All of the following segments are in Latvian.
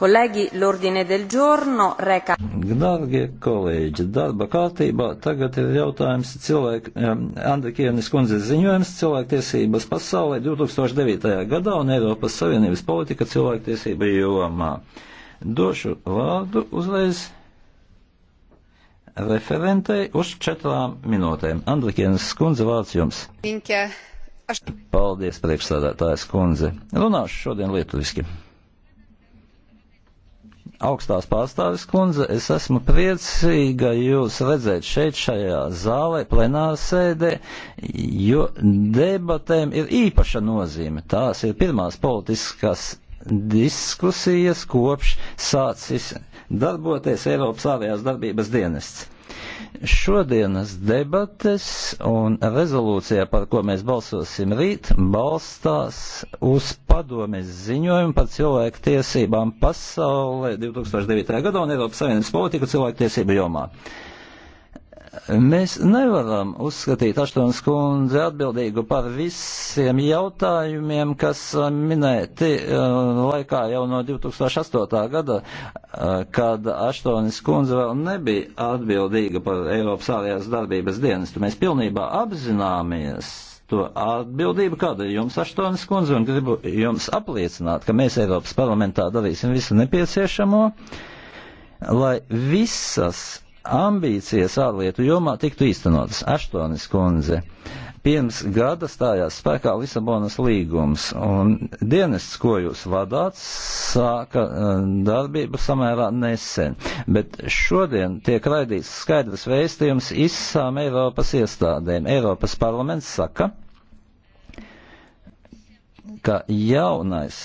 Kolēģi, l'ordine del giorno reka. Dārgie kolēģi, darba kārtībā tagad ir jautājums cilvēku, um, Andrikienis kundze ziņojums cilvēktiesības pasaulē 2009. gadā un Eiropas Savienības politika cilvēktiesība jomā. Došu vārdu uzreiz referentei uz četrām minūtēm. Andrikienis kundze vārds jums. Viņa. Paldies, priekšstādātājas kundze. Runāšu šodien lietuviski. Augstās pārstāvis kundze, es esmu priecīga jūs redzēt šeit šajā zālē, plenārsēdē, jo debatēm ir īpaša nozīme. Tās ir pirmās politiskās diskusijas kopš sācis darboties Eiropas ārējās darbības dienests. Šodienas debates un rezolūcijā, par ko mēs balsosim rīt, balstās uz padomes ziņojumu par cilvēku tiesībām pasaulē 2009. gadā un Eiropas Savienības politiku cilvēku tiesību jomā. Mēs nevaram uzskatīt Aštuns kundzi atbildīgu par visiem jautājumiem, kas minēti uh, laikā jau no 2008. gada, uh, kad Aštunis kundze vēl nebija atbildīga par Eiropas ārējās darbības dienestu. Mēs pilnībā apzināmies to atbildību, kāda ir jums Aštunis kundze, un gribu jums apliecināt, ka mēs Eiropas parlamentā darīsim visu nepieciešamo, lai visas ambīcijas ārlietu jomā tiktu īstenotas. Aštonis kundze. Pirms gada stājās spēkā Lisabonas līgums, un dienests, ko jūs vadāt, sāka eh, darbību samērā nesen. Bet šodien tiek raidīts skaidrs vēstījums izsām Eiropas iestādēm. Eiropas parlaments saka, ka jaunais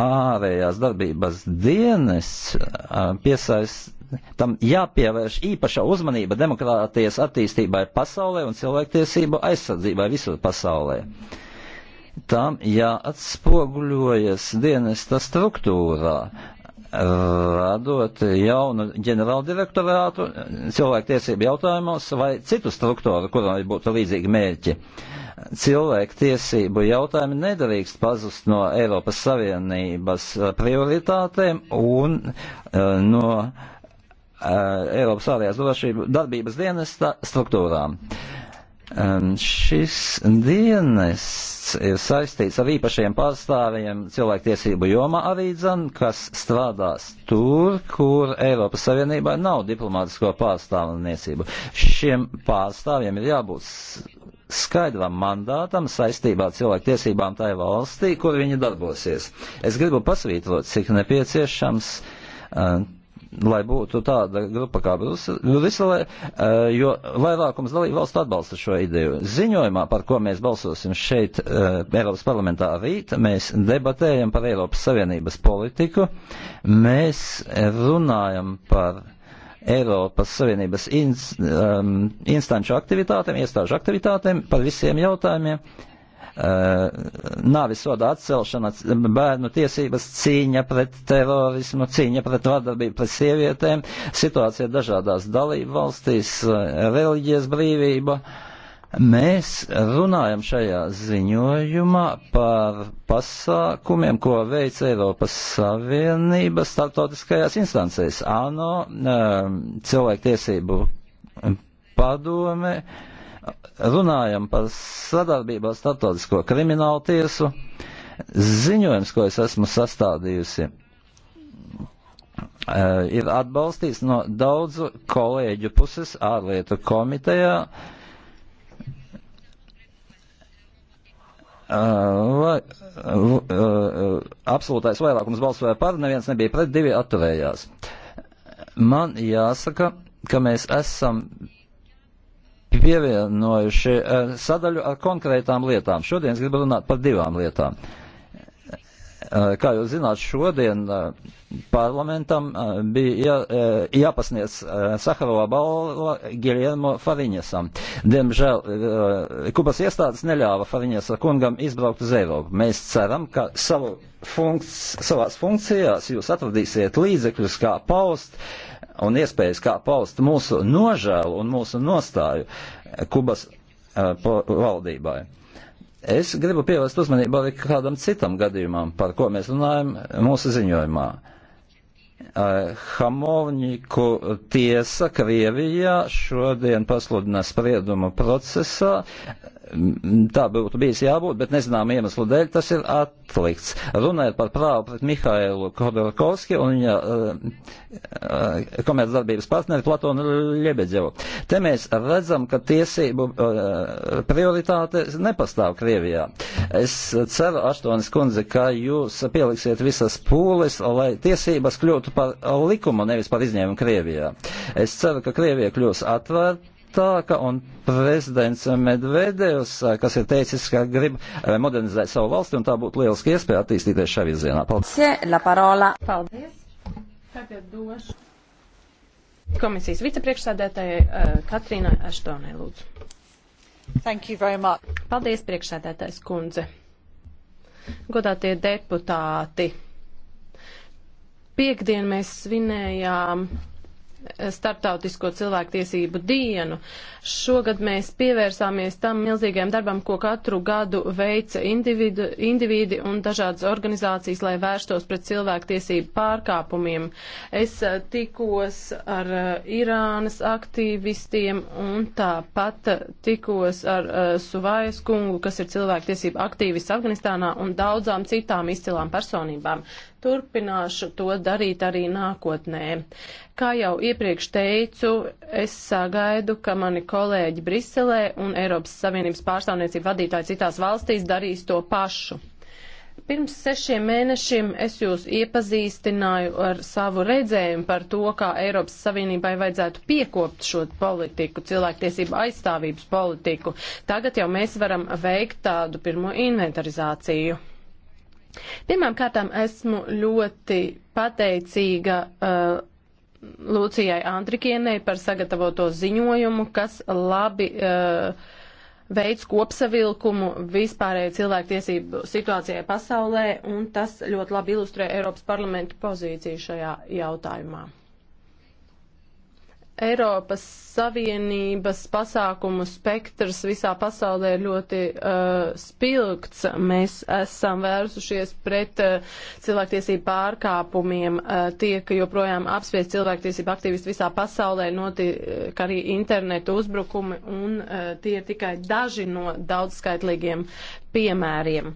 ārējās darbības dienests eh, piesaist tam jāpievērš īpaša uzmanība demokrātijas attīstībai pasaulē un cilvēktiesību aizsardzībai visur pasaulē. Tam jāatspoguļojas dienesta struktūrā, radot jaunu ģenerāldirektorātu cilvēktiesību jautājumos vai citu struktūru, kurai būtu līdzīgi mērķi. Cilvēktiesību jautājumi nedrīkst pazust no Eiropas Savienības prioritātēm un eh, no uh, Eh, Eiropas ārējās drošības darbības dienesta struktūrām. Um, šis dienests ir saistīts ar īpašiem pārstāvjiem cilvēktiesību jomā arī dzan, kas strādās tur, kur Eiropas Savienībā nav diplomātisko pārstāvniecību. Šiem pārstāvjiem ir jābūt skaidram mandātam saistībā ar cilvēktiesībām tajā valstī, kur viņi darbosies. Es gribu pasvītrot, cik nepieciešams. Uh, lai būtu tāda grupa kā Briselē, eh, jo vairākums dalību valstu atbalsta šo ideju. Ziņojumā, par ko mēs balsosim šeit eh, Eiropas parlamentā rīt, mēs debatējam par Eiropas Savienības politiku, mēs runājam par Eiropas Savienības inst, um, ehm, instanču aktivitātēm, iestāžu aktivitātēm, par visiem jautājumiem, Eh, nāvis soda atcelšana, bērnu tiesības, cīņa pret terorismu, cīņa pret vardarbību pret sievietēm, situācija dažādās dalību valstīs, eh, reliģijas brīvība. Mēs runājam šajā ziņojumā par pasākumiem, ko veic Eiropas Savienība startautiskajās instancēs. ANO, eh, cilvēktiesību padome, runājam par sadarbību ar Startautisko kriminālu tiesu, ziņojums, ko es esmu sastādījusi, eh, ir atbalstīts no daudzu kolēģu puses ārlietu komitejā. Eh, Vai, eh, absolūtais vairākums balsoja par, neviens nebija pret, divi atturējās. Man jāsaka, ka mēs esam pievienojuši eh, sadaļu ar konkrētām lietām. Šodien es gribu runāt par divām lietām. Eh, kā jūs zināt, šodien eh, parlamentam bija jā, jāpasniedz Saharovā balva Giljermo Fariņasam. Diemžēl Kubas iestādes neļāva Fariņasa kungam izbraukt uz Eiropu. Mēs ceram, ka savu funkc, savās funkcijās jūs atradīsiet līdzekļus, kā paust uh, un iespējas, kā paust mūsu nožēlu un mūsu nostāju Kubas uh, valdībai. Es gribu pievērst uzmanību arī kādam citam gadījumam, par ko mēs runājam mūsu ziņojumā. Eh, Hamovņiku tiesa Krievijā šodien pasludina spriedumu procesā tā būtu bijis jābūt, bet nezinām iemeslu dēļ tas ir atlikts. Runājot par prāvu pret Mihailu Khodorkovski un viņa uh, uh, komercdarbības partneri Platonu Ļebedzevu. Te mēs redzam, ka tiesību uh, prioritāte nepastāv Krievijā. Es ceru, Aštonis kundze, ka jūs pieliksiet visas pūles, lai tiesības kļūtu par likumu, nevis par izņēmumu Krievijā. Es ceru, ka Krievija kļūs atvērta augstāka, un prezidents Medvedevs, eh, kas ir teicis, ka grib eh, modernizēt savu valsti, un tā būtu lieliski iespēja attīstīties šajā virzienā. Paldies! Paldies. Tagad došu komisijas vicepriekšsēdētājai eh, Katrīnai Aštonai, lūdzu. Thank you very much. Paldies, priekšsēdētājs kundze. Godātie deputāti, piekdien mēs svinējām Startautisko cilvēktiesību dienu. Šogad mēs pievērsāmies tam milzīgajam darbam, ko katru gadu veica individu, individi un dažādas organizācijas, lai vērstos pret cilvēktiesību pārkāpumiem. Es eh, tikos ar eh, Irānas aktīvistiem un tāpat eh, tikos ar Suvajas kungu, kas ir cilvēktiesību aktīvists Afganistānā un daudzām citām izcilām personībām. Turpināšu to darīt arī nākotnē. Kā jau iepriekš teicu, es sagaidu, ka mani kolēģi Briselē un Eiropas Savienības pārstāvniecību vadītāji citās valstīs darīs to pašu. Pirms sešiem mēnešiem es jūs iepazīstināju ar savu redzējumu par to, kā Eiropas Savienībai vajadzētu piekopt šo politiku, cilvēktiesību aizstāvības politiku. Tagad jau mēs varam veikt tādu pirmo inventarizāciju. Pirmām kārtām esmu ļoti pateicīga uh, Lūcijai Andrikienei par sagatavoto ziņojumu, kas labi uh, veids kopsavilkumu vispārējai cilvēktiesību situācijai pasaulē, un tas ļoti labi ilustrē Eiropas parlamentu pozīciju šajā jautājumā. Eiropas Savienības pasākumu spektrs visā pasaulē ir ļoti uh, spilgts. Mēs esam vērsušies pret uh, cilvēktiesību pārkāpumiem, uh, tiek joprojām apspiesti cilvēktiesību aktīvisti visā pasaulē, notiek uh, arī internetu uzbrukumi, un uh, tie ir tikai daži no daudzskaitlīgiem piemēriem.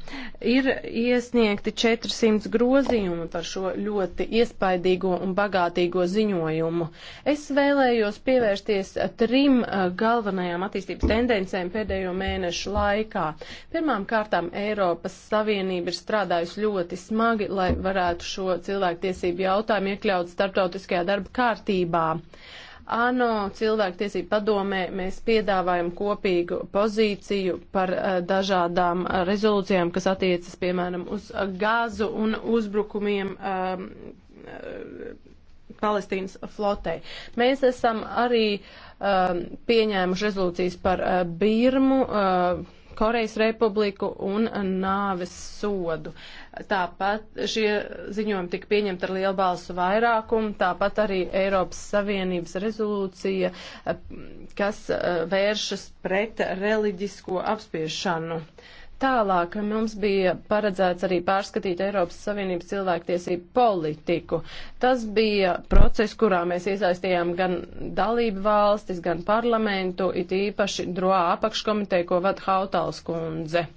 Ir iesniegti 400 grozījumi par šo ļoti iespaidīgo un bagātīgo ziņojumu. Es vēlējos pievērsties trim eh, galvenajām attīstības tendencēm pēdējo mēnešu laikā. Pirmām kārtām Eiropas Savienība ir strādājusi ļoti smagi, lai varētu šo cilvēktiesību jautājumu iekļaut starptautiskajā darba kārtībā. Uh, ANO cilvēktiesību padomē mēs piedāvājam kopīgu pozīciju par uh, dažādām uh, rezolūcijām, kas attiecas, piemēram, uz uh, gāzu un uzbrukumiem. Um, Palestīnas flotei. Mēs esam arī um, pieņēmuši rezolūcijas par uh, Birmu, uh, Korejas republiku un nāves sodu. Tāpat šie ziņojumi tika pieņemti ar lielu balsu vairākumu, tāpat arī Eiropas Savienības rezolūcija, kas eh, vēršas pret reliģisko apspiešanu. Tālāk mums bija paredzēts arī pārskatīt Eiropas Savienības cilvēktiesību politiku. Tas bija process, kurā mēs iesaistījām gan dalību valstis, gan parlamentu, it īpaši droā apakškomiteju, ko vada Hautals kundze.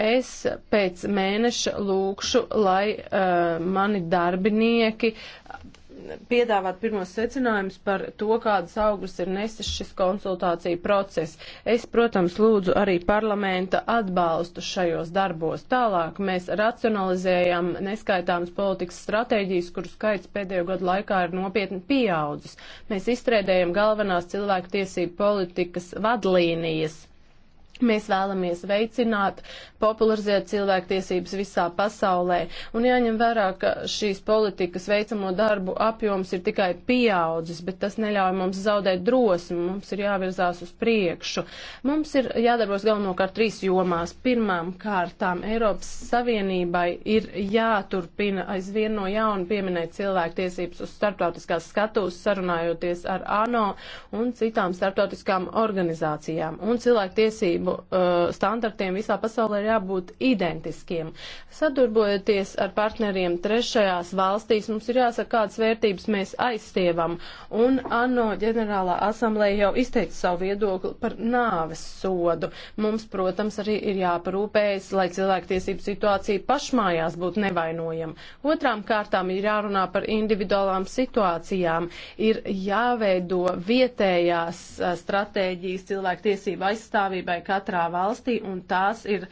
Es pēc mēneša lūkšu, lai uh, mani darbinieki piedāvāt pirmos secinājumus par to, kādas augus ir nesis šis konsultāciju process. Es, protams, lūdzu arī parlamenta atbalstu šajos darbos. Tālāk mēs racionalizējam neskaitāmas politikas stratēģijas, kuru skaits pēdējo gadu laikā ir nopietni pieaudzis. Mēs izstrēdējam galvenās cilvēku tiesību politikas vadlīnijas Mēs vēlamies veicināt, popularizēt cilvēktiesības visā pasaulē. Un jāņem vērā, ka šīs politikas veicamo darbu apjoms ir tikai pieaudzis, bet tas neļauj mums zaudēt drosmi. Mums ir jāvirzās uz priekšu. Mums ir jādarbos galvenokārt trīs jomās. Pirmām kārtām Eiropas Savienībai ir jāturpina aizvien no jauna pieminēt cilvēktiesības uz starptautiskās skatūs, sarunājoties ar ANO un citām starptautiskām organizācijām. Un cilvēktiesību uh, standartiem visā pasaulē ir jābūt identiskiem. Sadarbojoties ar partneriem trešajās valstīs, mums ir jāsaka, kādas vērtības mēs aizstievam. Un ANO ģenerālā asamblēja jau izteica savu viedokli par nāves sodu. Mums, protams, arī ir jāparūpējas, lai cilvēktiesību situācija pašmājās būtu nevainojama. Otrām kārtām ir jārunā par individuālām situācijām. Ir jāveido vietējās uh, stratēģijas cilvēktiesību aizstāvībai, katrā valstī, un tās ir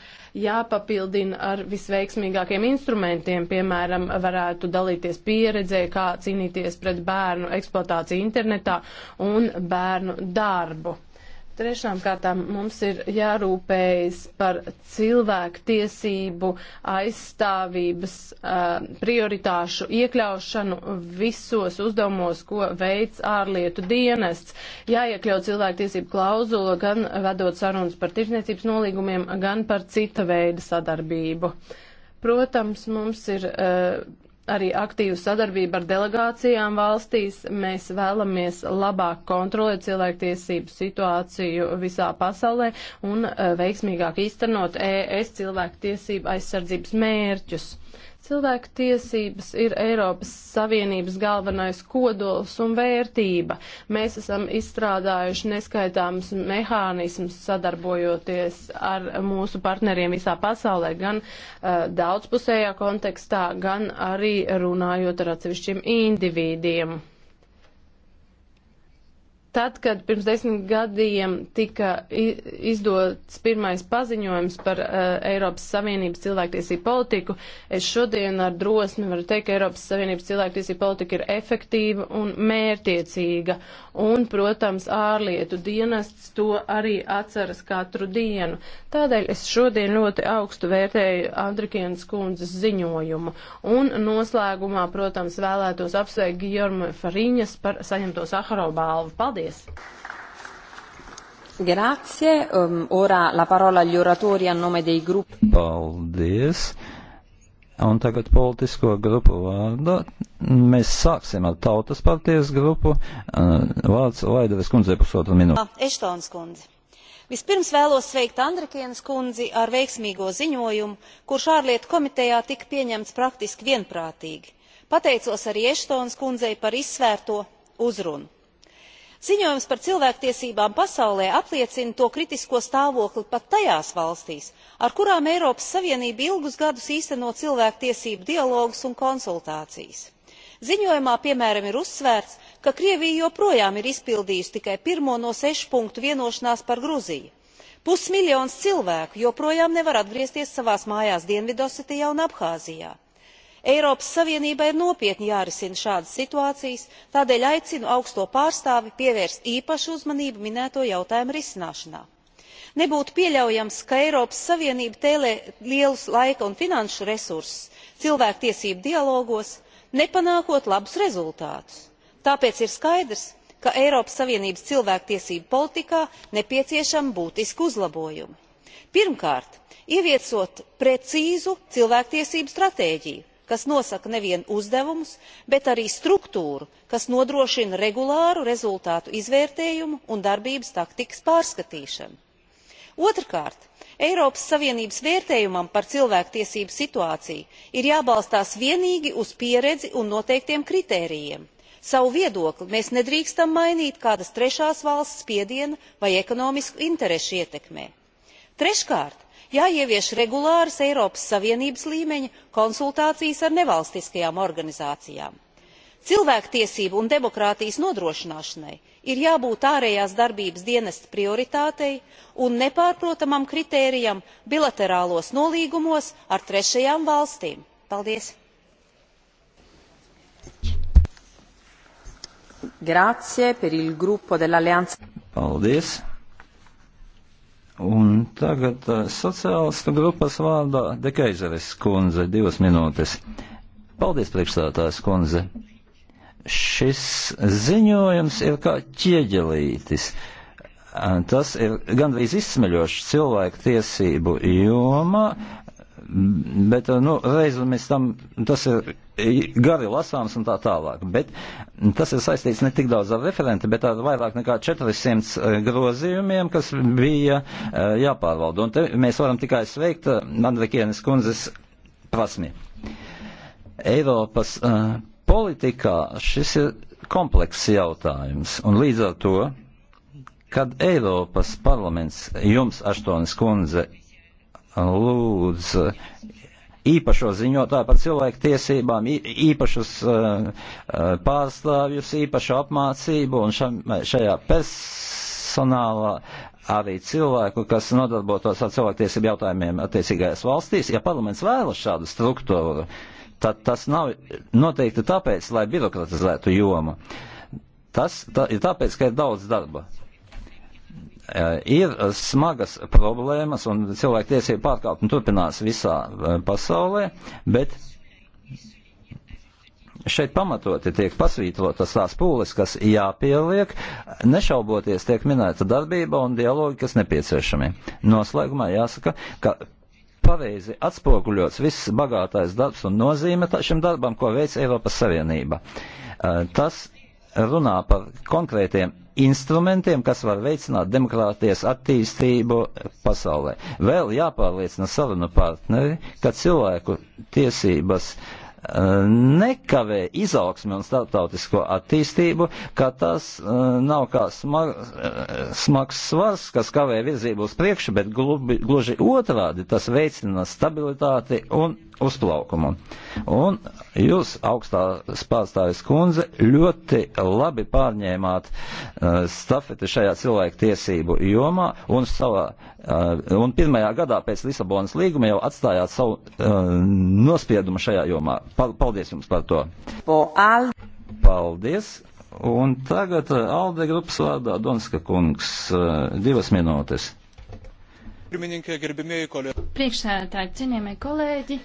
jāpapildina ar visveiksmīgākiem instrumentiem, piemēram, varētu dalīties pieredzē, kā cīnīties pret bērnu eksploatāciju internetā un bērnu darbu. Trešām kārtām mums ir jārūpējas par cilvēku tiesību aizstāvības uh, prioritāšu iekļaušanu visos uzdevumos, ko veids ārlietu dienests. Jāiekļaut cilvēku tiesību klauzulu gan vedot sarunas par tirzniecības nolīgumiem, gan par cita veida sadarbību. Protams, mums ir. Uh, arī aktīvu sadarbību ar delegācijām valstīs. Mēs vēlamies labāk kontrolēt cilvēktiesību situāciju visā pasaulē un eh, veiksmīgāk īstenot ES cilvēktiesību aizsardzības mērķus. Cilvēku tiesības ir Eiropas Savienības galvenais kodols un vērtība. Mēs esam izstrādājuši neskaitāmus mehānismus sadarbojoties ar mūsu partneriem visā pasaulē, gan uh, daudzpusējā kontekstā, gan arī runājot ar atsevišķiem individiem. Tad, kad pirms desmit gadiem tika izdots pirmais paziņojums par uh, Eiropas Savienības cilvēktiesību politiku, es šodien ar drosmi varu teikt, ka Eiropas Savienības cilvēktiesība politika ir efektīva un mērtiecīga. Un, protams, ārlietu dienests to arī atceras katru dienu. Tādēļ es šodien ļoti augstu vērtēju Andrikienas kundzes ziņojumu. Un noslēgumā, protams, vēlētos apsveikt Gijormu Fariņas par saņemto Saharovu balvu. Paldies! Paldies! Grazie. Um, ora la parola agli oratori a nome dei gruppi. Paldies. Un tagad politisko grupu vārdā. Mēs sāksim ar Tautas partijas grupu. Uh, vārds Laidavis kundzei pusotru minūti. Eštons kundze. Vispirms vēlos sveikt Andrikienas kundzi ar veiksmīgo ziņojumu, kurš ārlietu komitejā tika pieņemts praktiski vienprātīgi. Pateicos arī Eštons kundzei par izsvērto uzrunu ziņojums par cilvēktiesībām pasaulē apliecina to kritisko stāvokli pat tajās valstīs ar kurām eiropas savienība ilgus gadus īsteno cilvēktiesību dialogus un konsultācijas. ziņojumā piemēram ir uzsvērts ka krievija joprojām ir izpildījusi tikai pirmo no sešu punktu vienošanās par gruziju. pusmiljons cilvēku joprojām nevar atgriezties savās mājās dienvidosetijā un abhāzijā eiropas savienībai ir nopietni jārisina šādas situācijas tādēļ aicinu augsto pārstāvi pievērst īpašu uzmanību minēto jautājumu risināšanai. nebūtu pieļaujams ka eiropas savienība tēlē lielus laika un finanšu resursus cilvēktiesību dialogos nepanākot labus rezultātus. tāpēc ir skaidrs ka eiropas savienības cilvēktiesību politikā nepieciešami būtiski uzlabojumi. pirmkārt ieviesot precīzu cilvēktiesību stratēģiju kas nosaka nevien uzdevumus bet arī struktūru kas nodrošina regulāru rezultātu izvērtējumu un darbības taktikas pārskatīšanu. otrkārt eiropas savienības vērtējumam par cilvēktiesību situāciju ir jābalstās vienīgi uz pieredzi un noteiktiem kritērijiem. savu viedokli mēs nedrīkstam mainīt kādas trešās valsts spiediena vai ekonomisku interešu ietekmē. treškārt jāievieš regulāras eiropas savienības līmeņa konsultācijas ar nevalstiskajām organizācijām. cilvēktiesību un demokrātijas nodrošināšanai ir jābūt ārējās darbības dienesta prioritātei un nepārprotamam kritērijam bilaterālos nolīgumos ar trešajām valstīm. paldies! Grazie per il gruppo dell'Alleanza. Paldies. Un tagad eh, sociālistu grupas vārdā Dekeizeres kundze, divas minūtes. Paldies, priekšstādātājs kundze. Šis ziņojums ir kā ķieģelītis. Eh, Tas ir gandrīz izsmeļošs cilvēku tiesību jomā Bet, eh, nu, reizē mēs tam, tas ir gari lasāms un tā tālāk. Bet tas ir saistīts ne tik daudz ar referenti, bet ar vairāk nekā 400 eh, grozījumiem, kas bija eh, jāpārvalda. Un te mēs varam tikai sveikt Andrikienes kundzes prasmi. Eiropas uh, politikā šis ir komplekss jautājums. Un līdz ar to, kad Eiropas parlaments jums, Aštonis kundze, lūdz īpašo ziņotāju par cilvēku tiesībām, īpašus uh, pārstāvjus, īpašu apmācību un šam, šajā personālā arī cilvēku, kas nodarbotos ar cilvēktiesību jautājumiem attiecīgajās valstīs, ja parlaments vēlas šādu struktūru, tad tas nav noteikti tāpēc, lai birokratizētu jomu. Tas tā, ir tāpēc, ka ir daudz darba. Eh, ir eh, smagas problēmas un cilvēktiesību pārkāpumi turpinās visā eh, pasaulē, bet šeit pamatoti tiek pasvītrotas tās pūles, kas jāpieliek, nešauboties tiek minēta darbība un dialogi, kas nepieciešami. Noslēgumā jāsaka, ka pareizi atspoguļots viss bagātais darbs un nozīme šim darbam, ko veic Eiropas Savienība. Tas runā par konkrētiem instrumentiem, kas var veicināt demokrātijas attīstību pasaulē. Vēl jāpārliecina sarunu partneri, ka cilvēku tiesības eh, nekavē izaugsmi un starptautisko attīstību, ka tas eh, nav kā smag, eh, smags svars, kas kavē virzību uz priekšu, bet gluži otrādi tas veicina stabilitāti un uzplaukumu. Un jūs, augstās pārstāvis kundze, ļoti labi pārņēmāt uh, stafeti šajā cilvēku tiesību jomā un, savā, uh, un pirmajā gadā pēc Lisabonas līguma jau atstājāt savu uh, nospiedumu šajā jomā. Paldies jums par to. Paldies. Un tagad uh, Alde grupas vārdā Donska kungs uh, divas minūtes. Priekšsēdētāji, cienījamie kolēģi,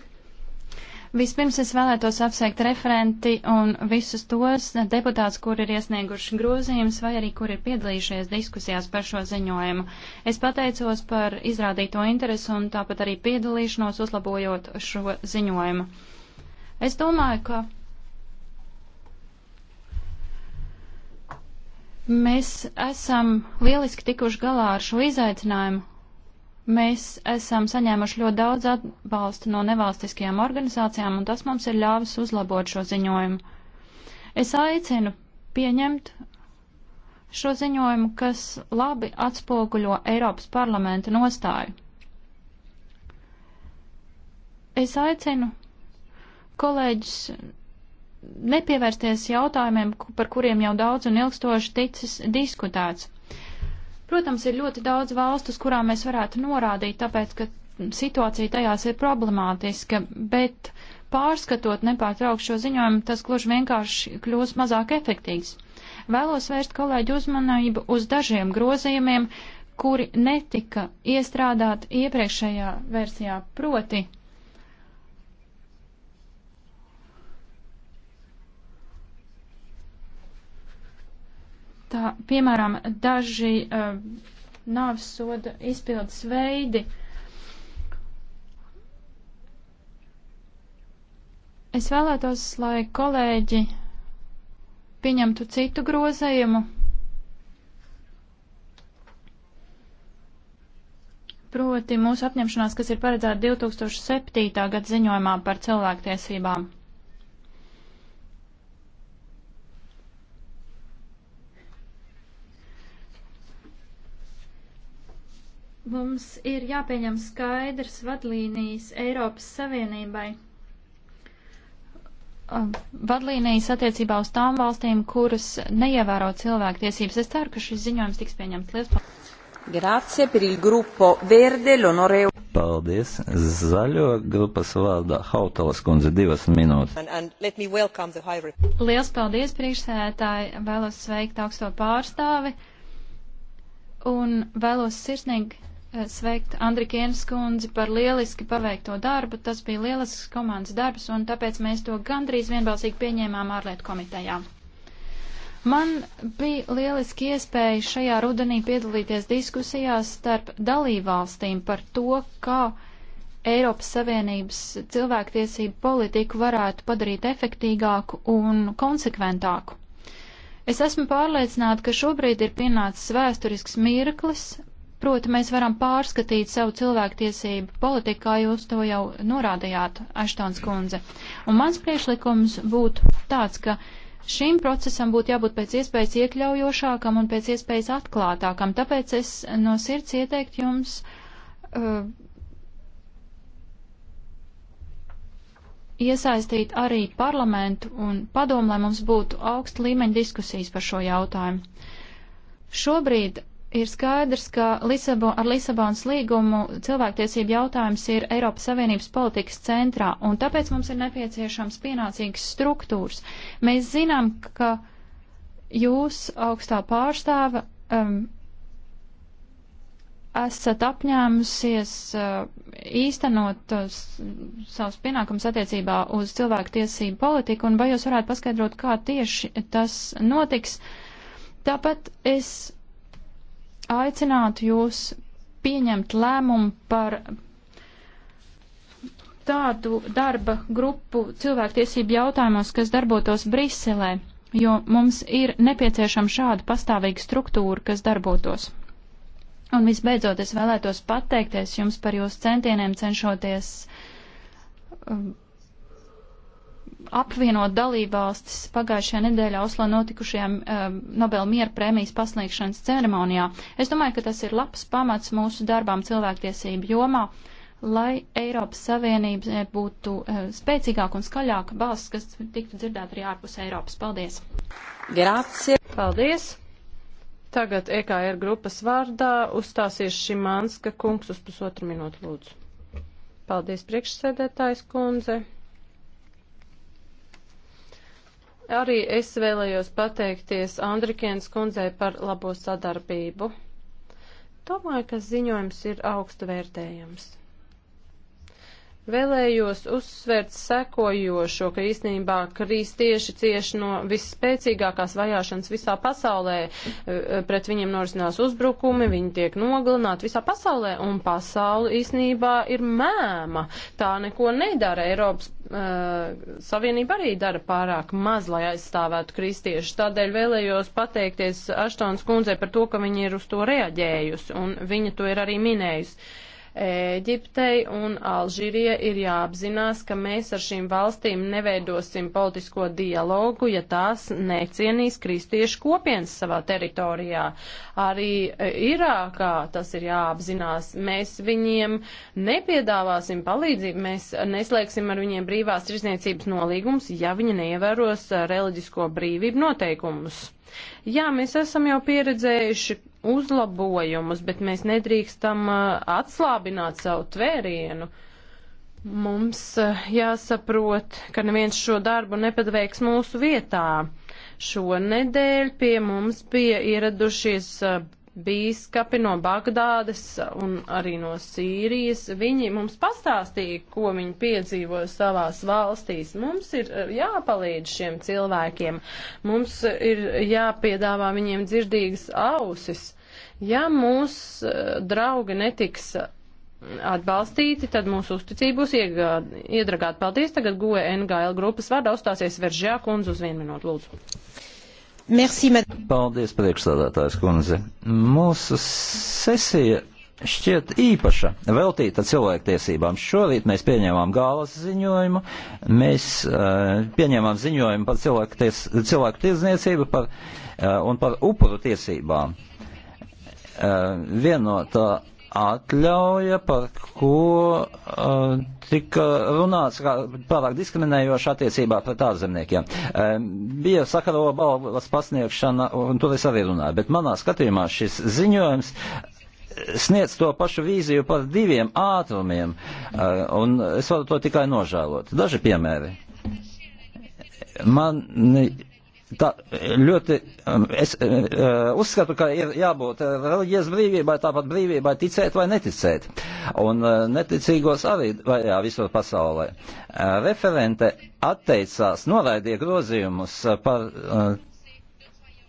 Vispirms es vēlētos apsveikt referenti un visus tos deputātus, kuri ir iesnieguši grozījumus vai arī kuri ir piedalījušies diskusijās par šo ziņojumu. Es pateicos par izrādīto interesi un tāpat arī piedalīšanos uzlabojot šo ziņojumu. Es domāju, ka Mēs esam lieliski tikuši galā ar šo izaicinājumu, Mēs esam saņēmuši ļoti daudz atbalsta no nevalstiskajām organizācijām, un tas mums ir ļāvis uzlabot šo ziņojumu. Es aicinu pieņemt šo ziņojumu, kas labi atspoguļo Eiropas parlamenta nostāju. Es aicinu kolēģis nepievērsties jautājumiem, par kuriem jau daudz un ilgstoši ticis diskutēts. Protams, ir ļoti daudz valstu, uz kurām mēs varētu norādīt, tāpēc, ka situācija tajās ir problemātiska, bet pārskatot nepārtraukšu šo ziņojumu, tas gluži vienkārši kļūs mazāk efektīvs. Vēlos vērst kolēģu uzmanību uz dažiem grozījumiem, kuri netika iestrādāti iepriekšējā versijā, proti tā, piemēram, daži uh, e, nāves soda izpildes veidi. Es vēlētos, lai kolēģi pieņemtu citu grozējumu. Proti mūsu apņemšanās, kas ir paredzēta 2007. gada ziņojumā par cilvēktiesībām. Mums ir jāpieņem skaidrs vadlīnijas Eiropas Savienībai. Um, vadlīnijas attiecībā uz tām valstīm, kuras neievēro cilvēktiesības. Es ceru, ka šis ziņojums tiks pieņemts. Lielas paldies! Grazie per il gruppo Verde, l'onorevole. Paldies. Zaļo grupas vārdā Hautalas kundze divas minūtes. And, and high... Liels paldies, priekšsēdētāji. Vēlos sveikt augsto pārstāvi un vēlos sirsnīgi sveikt Andrikienas kundzi par lieliski paveikto darbu. Tas bija lielisks komandas darbs, un tāpēc mēs to gandrīz vienbalsīgi pieņēmām ārlietu komitejā. Man bija lieliski iespēja šajā rudenī piedalīties diskusijās starp dalībvalstīm par to, kā Eiropas Savienības cilvēktiesību politiku varētu padarīt efektīgāku un konsekventāku. Es esmu pārliecināta, ka šobrīd ir pienācis vēsturisks mirklis Proti, mēs varam pārskatīt savu cilvēktiesību politiku, kā jūs to jau norādījāt, Aštons kundze. Un mans priešlikums būtu tāds, ka šim procesam būtu jābūt pēc iespējas iekļaujošākam un pēc iespējas atklātākam. Tāpēc es no sirds ieteiktu jums uh, iesaistīt arī parlamentu un padomu, lai mums būtu augsta līmeņa diskusijas par šo jautājumu. Šobrīd ir skaidrs, ka Lisabo, ar Lisabonas līgumu cilvēktiesību jautājums ir Eiropas Savienības politikas centrā, un tāpēc mums ir nepieciešams pienācīgas struktūras. Mēs zinām, ka jūs, augstā pārstāve, um, esat apņēmusies uh, īstenot uh, savus pienākumus attiecībā uz cilvēku tiesību politiku, un vai jūs varētu paskaidrot, kā tieši tas notiks? Tāpat es aicinātu jūs pieņemt lēmumu par tādu darba grupu cilvēktiesību jautājumos, kas darbotos Briselē, jo mums ir nepieciešama šāda pastāvīga struktūra, kas darbotos. Un visbeidzot, es vēlētos pateikties jums par jūsu centieniem cenšoties um, apvienot dalībvalstis pagājušajā nedēļā Oslo notikušajām um, eh, Nobel miera prēmijas pasniegšanas ceremonijā. Es domāju, ka tas ir labs pamats mūsu darbām cilvēktiesību jomā, lai Eiropas Savienība eh, būtu uh, eh, spēcīgāka un skaļāka balss, kas tiktu dzirdēta arī ārpus Eiropas. Paldies! Grācie! Paldies! Tagad EKR grupas vārdā uzstāsies Šimanska kungs uz pusotru minūtu lūdzu. Paldies priekšsēdētājs kundze! Arī es vēlējos pateikties Andrikienas kundzei par labo sadarbību. Domāju, ka ziņojums ir augstu vērtējams. Vēlējos uzsvērt sekojošo, ka īstenībā kristieši cieši no visspēcīgākās vajāšanas visā pasaulē. Eh, pret viņiem norisinās uzbrukumi, viņi tiek nogalināti visā pasaulē, un pasauli īstenībā ir mēma. Tā neko nedara. Eiropas uh, Savienība arī dara pārāk maz, lai aizstāvētu kristiešus. Tādēļ vēlējos pateikties Aštons kundzei par to, ka viņa ir uz to reaģējusi, un viņa to ir arī minējusi. Uh, Ēģiptei un Alžīrija ir jāapzinās, ka mēs ar šīm valstīm neveidosim politisko dialogu, ja tās necienīs kristiešu kopienas savā teritorijā. Arī e, Irākā tas ir jāapzinās. Mēs viņiem nepiedāvāsim palīdzību, mēs neslēgsim ar viņiem brīvās tirzniecības nolīgums, ja viņi neievēros reliģisko brīvību noteikumus. Jā, mēs esam jau pieredzējuši, uzlabojumus, bet mēs nedrīkstam uh, atslābināt savu tvērienu. Mums uh, jāsaprot, ka neviens šo darbu nepadveiks mūsu vietā. Šonedēļ pie mums bija ieradušies uh, bīskapi no Bagdādes un arī no Sīrijas. Viņi mums pastāstīja, ko viņi piedzīvoja savās valstīs. Mums ir eh, jāpalīdz šiem cilvēkiem, mums ir jāpiedāvā viņiem dzirdīgas ausis. Ja mūsu eh, draugi netiks eh, atbalstīti, tad mūsu uzticība būs iedragāta. Paldies, tagad GOE NGL grupas vārdā uzstāsies Veržjā kundze uz vienu minūtu, lūdzu. Merci, Paldies, priekšstādātājs kundze. Mūsu sesija šķiet īpaša, veltīta cilvēktiesībām. Šorīt mēs pieņēmām gālas ziņojumu, mēs uh, pieņēmām ziņojumu par cilvēku, ties, cilvēku tiesniecību par, uh, un par upuru tiesībām. Uh, vienotā atļauja, par ko uh, tika runāts kā pārāk diskriminējoši attiecībā pret ārzemniekiem. Um, bija Sakarova balvas pasniegšana, un tur es arī runāju, bet manā skatījumā šis ziņojums sniedz to pašu vīziju par diviem ātrumiem, uh, un es varu to tikai nožēlot. Daži piemēri. Man Tā ļoti um, es uh, uh, uzskatu, ka ir jābūt uh, reliģijas brīvībai, tāpat brīvībai ticēt vai neticēt. Un neticīgos arī vajā visur pasaulē. Referente atteicās, noraidīja grozījumus par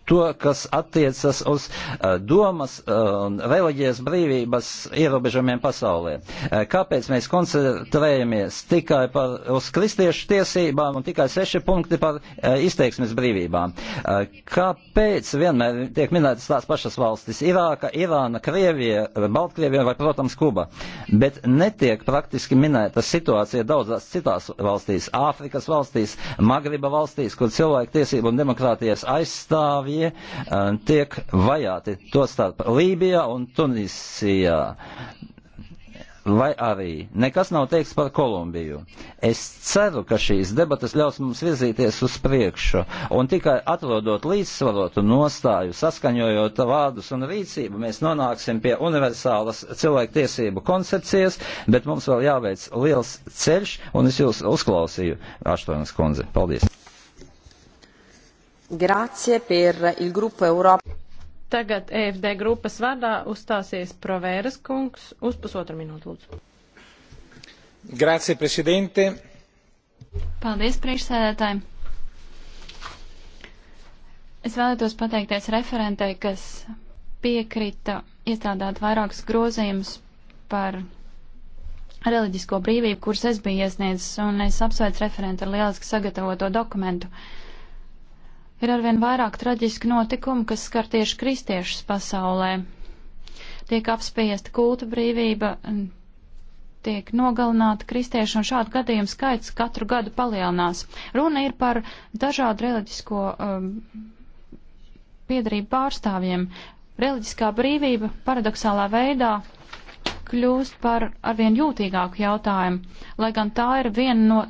to, kas attiecas uz eh, domas eh, un reliģijas brīvības ierobežojumiem pasaulē. Eh, kāpēc mēs koncentrējamies tikai par, uz kristiešu tiesībām un tikai seši punkti par izteiksmes brīvībām? Kāpēc vienmēr tiek minētas tās pašas valstis - Irāka, Irāna, Krievija, Baltkrievija vai, protams, Kuba? Bet netiek praktiski minēta situācija daudzās citās valstīs - Āfrikas valstīs, Magriba valstīs, kur cilvēku tiesību un demokrātijas aizstāvja bēgļi eh, tiek vajāti, to starp Lībijā un Tunisijā vai arī nekas nav teikts par Kolumbiju. Es ceru, ka šīs debatas ļaus mums virzīties uz priekšu, un tikai atrodot līdzsvarotu nostāju, saskaņojot vārdus un rīcību, mēs nonāksim pie universālas cilvēktiesību koncepcijas, bet mums vēl jāveic liels ceļš, un es jūs uzklausīju, Aštonas kundze. Paldies! Grācie per il grupu Eiropa. Tagad EFD grupas vārdā uzstāsies Provēras kungs uz pusotru minūtu lūdzu. Grācie, prezidente. Paldies, priekšsēdētāji. Es vēlētos pateikties referentei, kas piekrita iestrādāt vairākus grozījumus par reliģisko brīvību, kuras es biju iesniedzis, un es apsveicu referentu ar lieliski sagatavoto dokumentu. Uh, Ir arvien vairāk traģiski notikumi, kas skar tieši kristiešus pasaulē. Tiek apspiesta kulta brīvība, tiek nogalināti kristieši, un šādu gadījumu skaits katru gadu palielinās. Runa ir par dažādu reliģisko um, piedarību pārstāvjiem. Reliģiskā brīvība paradoxālā veidā kļūst par arvien jūtīgāku jautājumu, lai gan tā ir viena no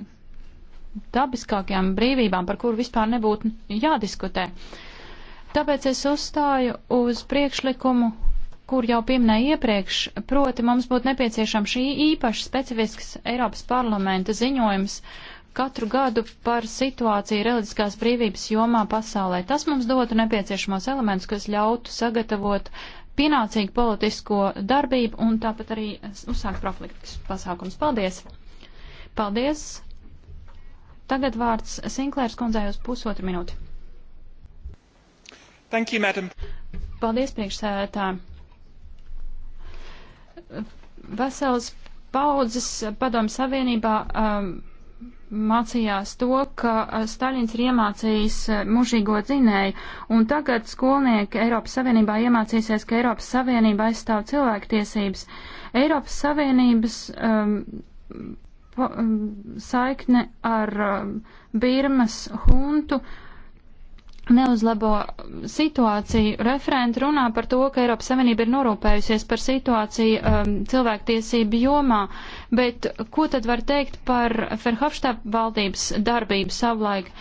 dabiskākajām brīvībām, par kuru vispār nebūtu jādiskutē. Tāpēc es uzstāju uz priekšlikumu, kur jau pieminēju iepriekš, proti mums būtu nepieciešama šī īpaši specifisks Eiropas parlamenta ziņojums katru gadu par situāciju reliģiskās brīvības jomā pasaulē. Tas mums dotu nepieciešamos elementus, kas ļautu sagatavot pienācīgu politisko darbību un tāpat arī uzsākt profilaktikas pasākums. Paldies! Paldies! Tagad vārds Sinklērs kundzē uz pusotru minūti. Thank you, madam. Paldies, priekšsēdētāji. Vesels paudzes padomu savienībā um, mācījās to, ka uh, Staļins ir iemācījis uh, mužīgo dzinēju, un tagad skolnieki Eiropas Savienībā iemācīsies, ka Eiropas Savienība aizstāv cilvēktiesības. Eiropas Savienības um, Um, saikne ar um, Birmas huntu neuzlabo situāciju. Referenti runā par to, ka Eiropas Savienība ir norūpējusies par situāciju um, cilvēktiesību jomā, bet ko tad var teikt par Ferhofštāp valdības darbību savulaik?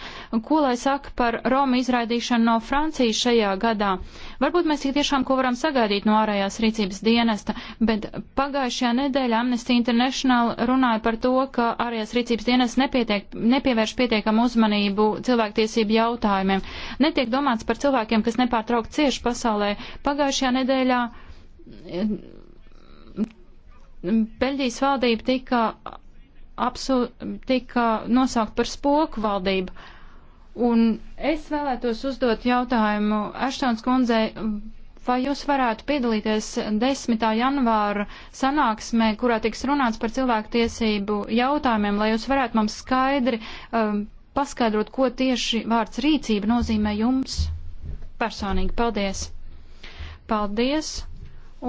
Ko lai saka par Roma izraidīšanu no Francijas šajā gadā? Varbūt mēs tik tiešām ko varam sagaidīt no ārējās rīcības dienesta, bet pagājušajā nedēļā Amnesty International runāja par to, ka ārējās rīcības dienests nepietiek, nepievērš pietiekamu uzmanību cilvēktiesību jautājumiem. Netiek domāts par cilvēkiem, kas nepārtraukt cieši pasaulē. Pagājušajā nedēļā mm, Beļģijas valdība tika, apsu, tika nosaukt par spoku valdību. Un es vēlētos uzdot jautājumu Aštons kundzei, vai jūs varētu piedalīties 10. janvāra sanāksmē, kurā tiks runāts par cilvēku tiesību jautājumiem, lai jūs varētu mums skaidri um, paskaidrot, ko tieši vārds rīcība nozīmē jums personīgi. Paldies! Paldies!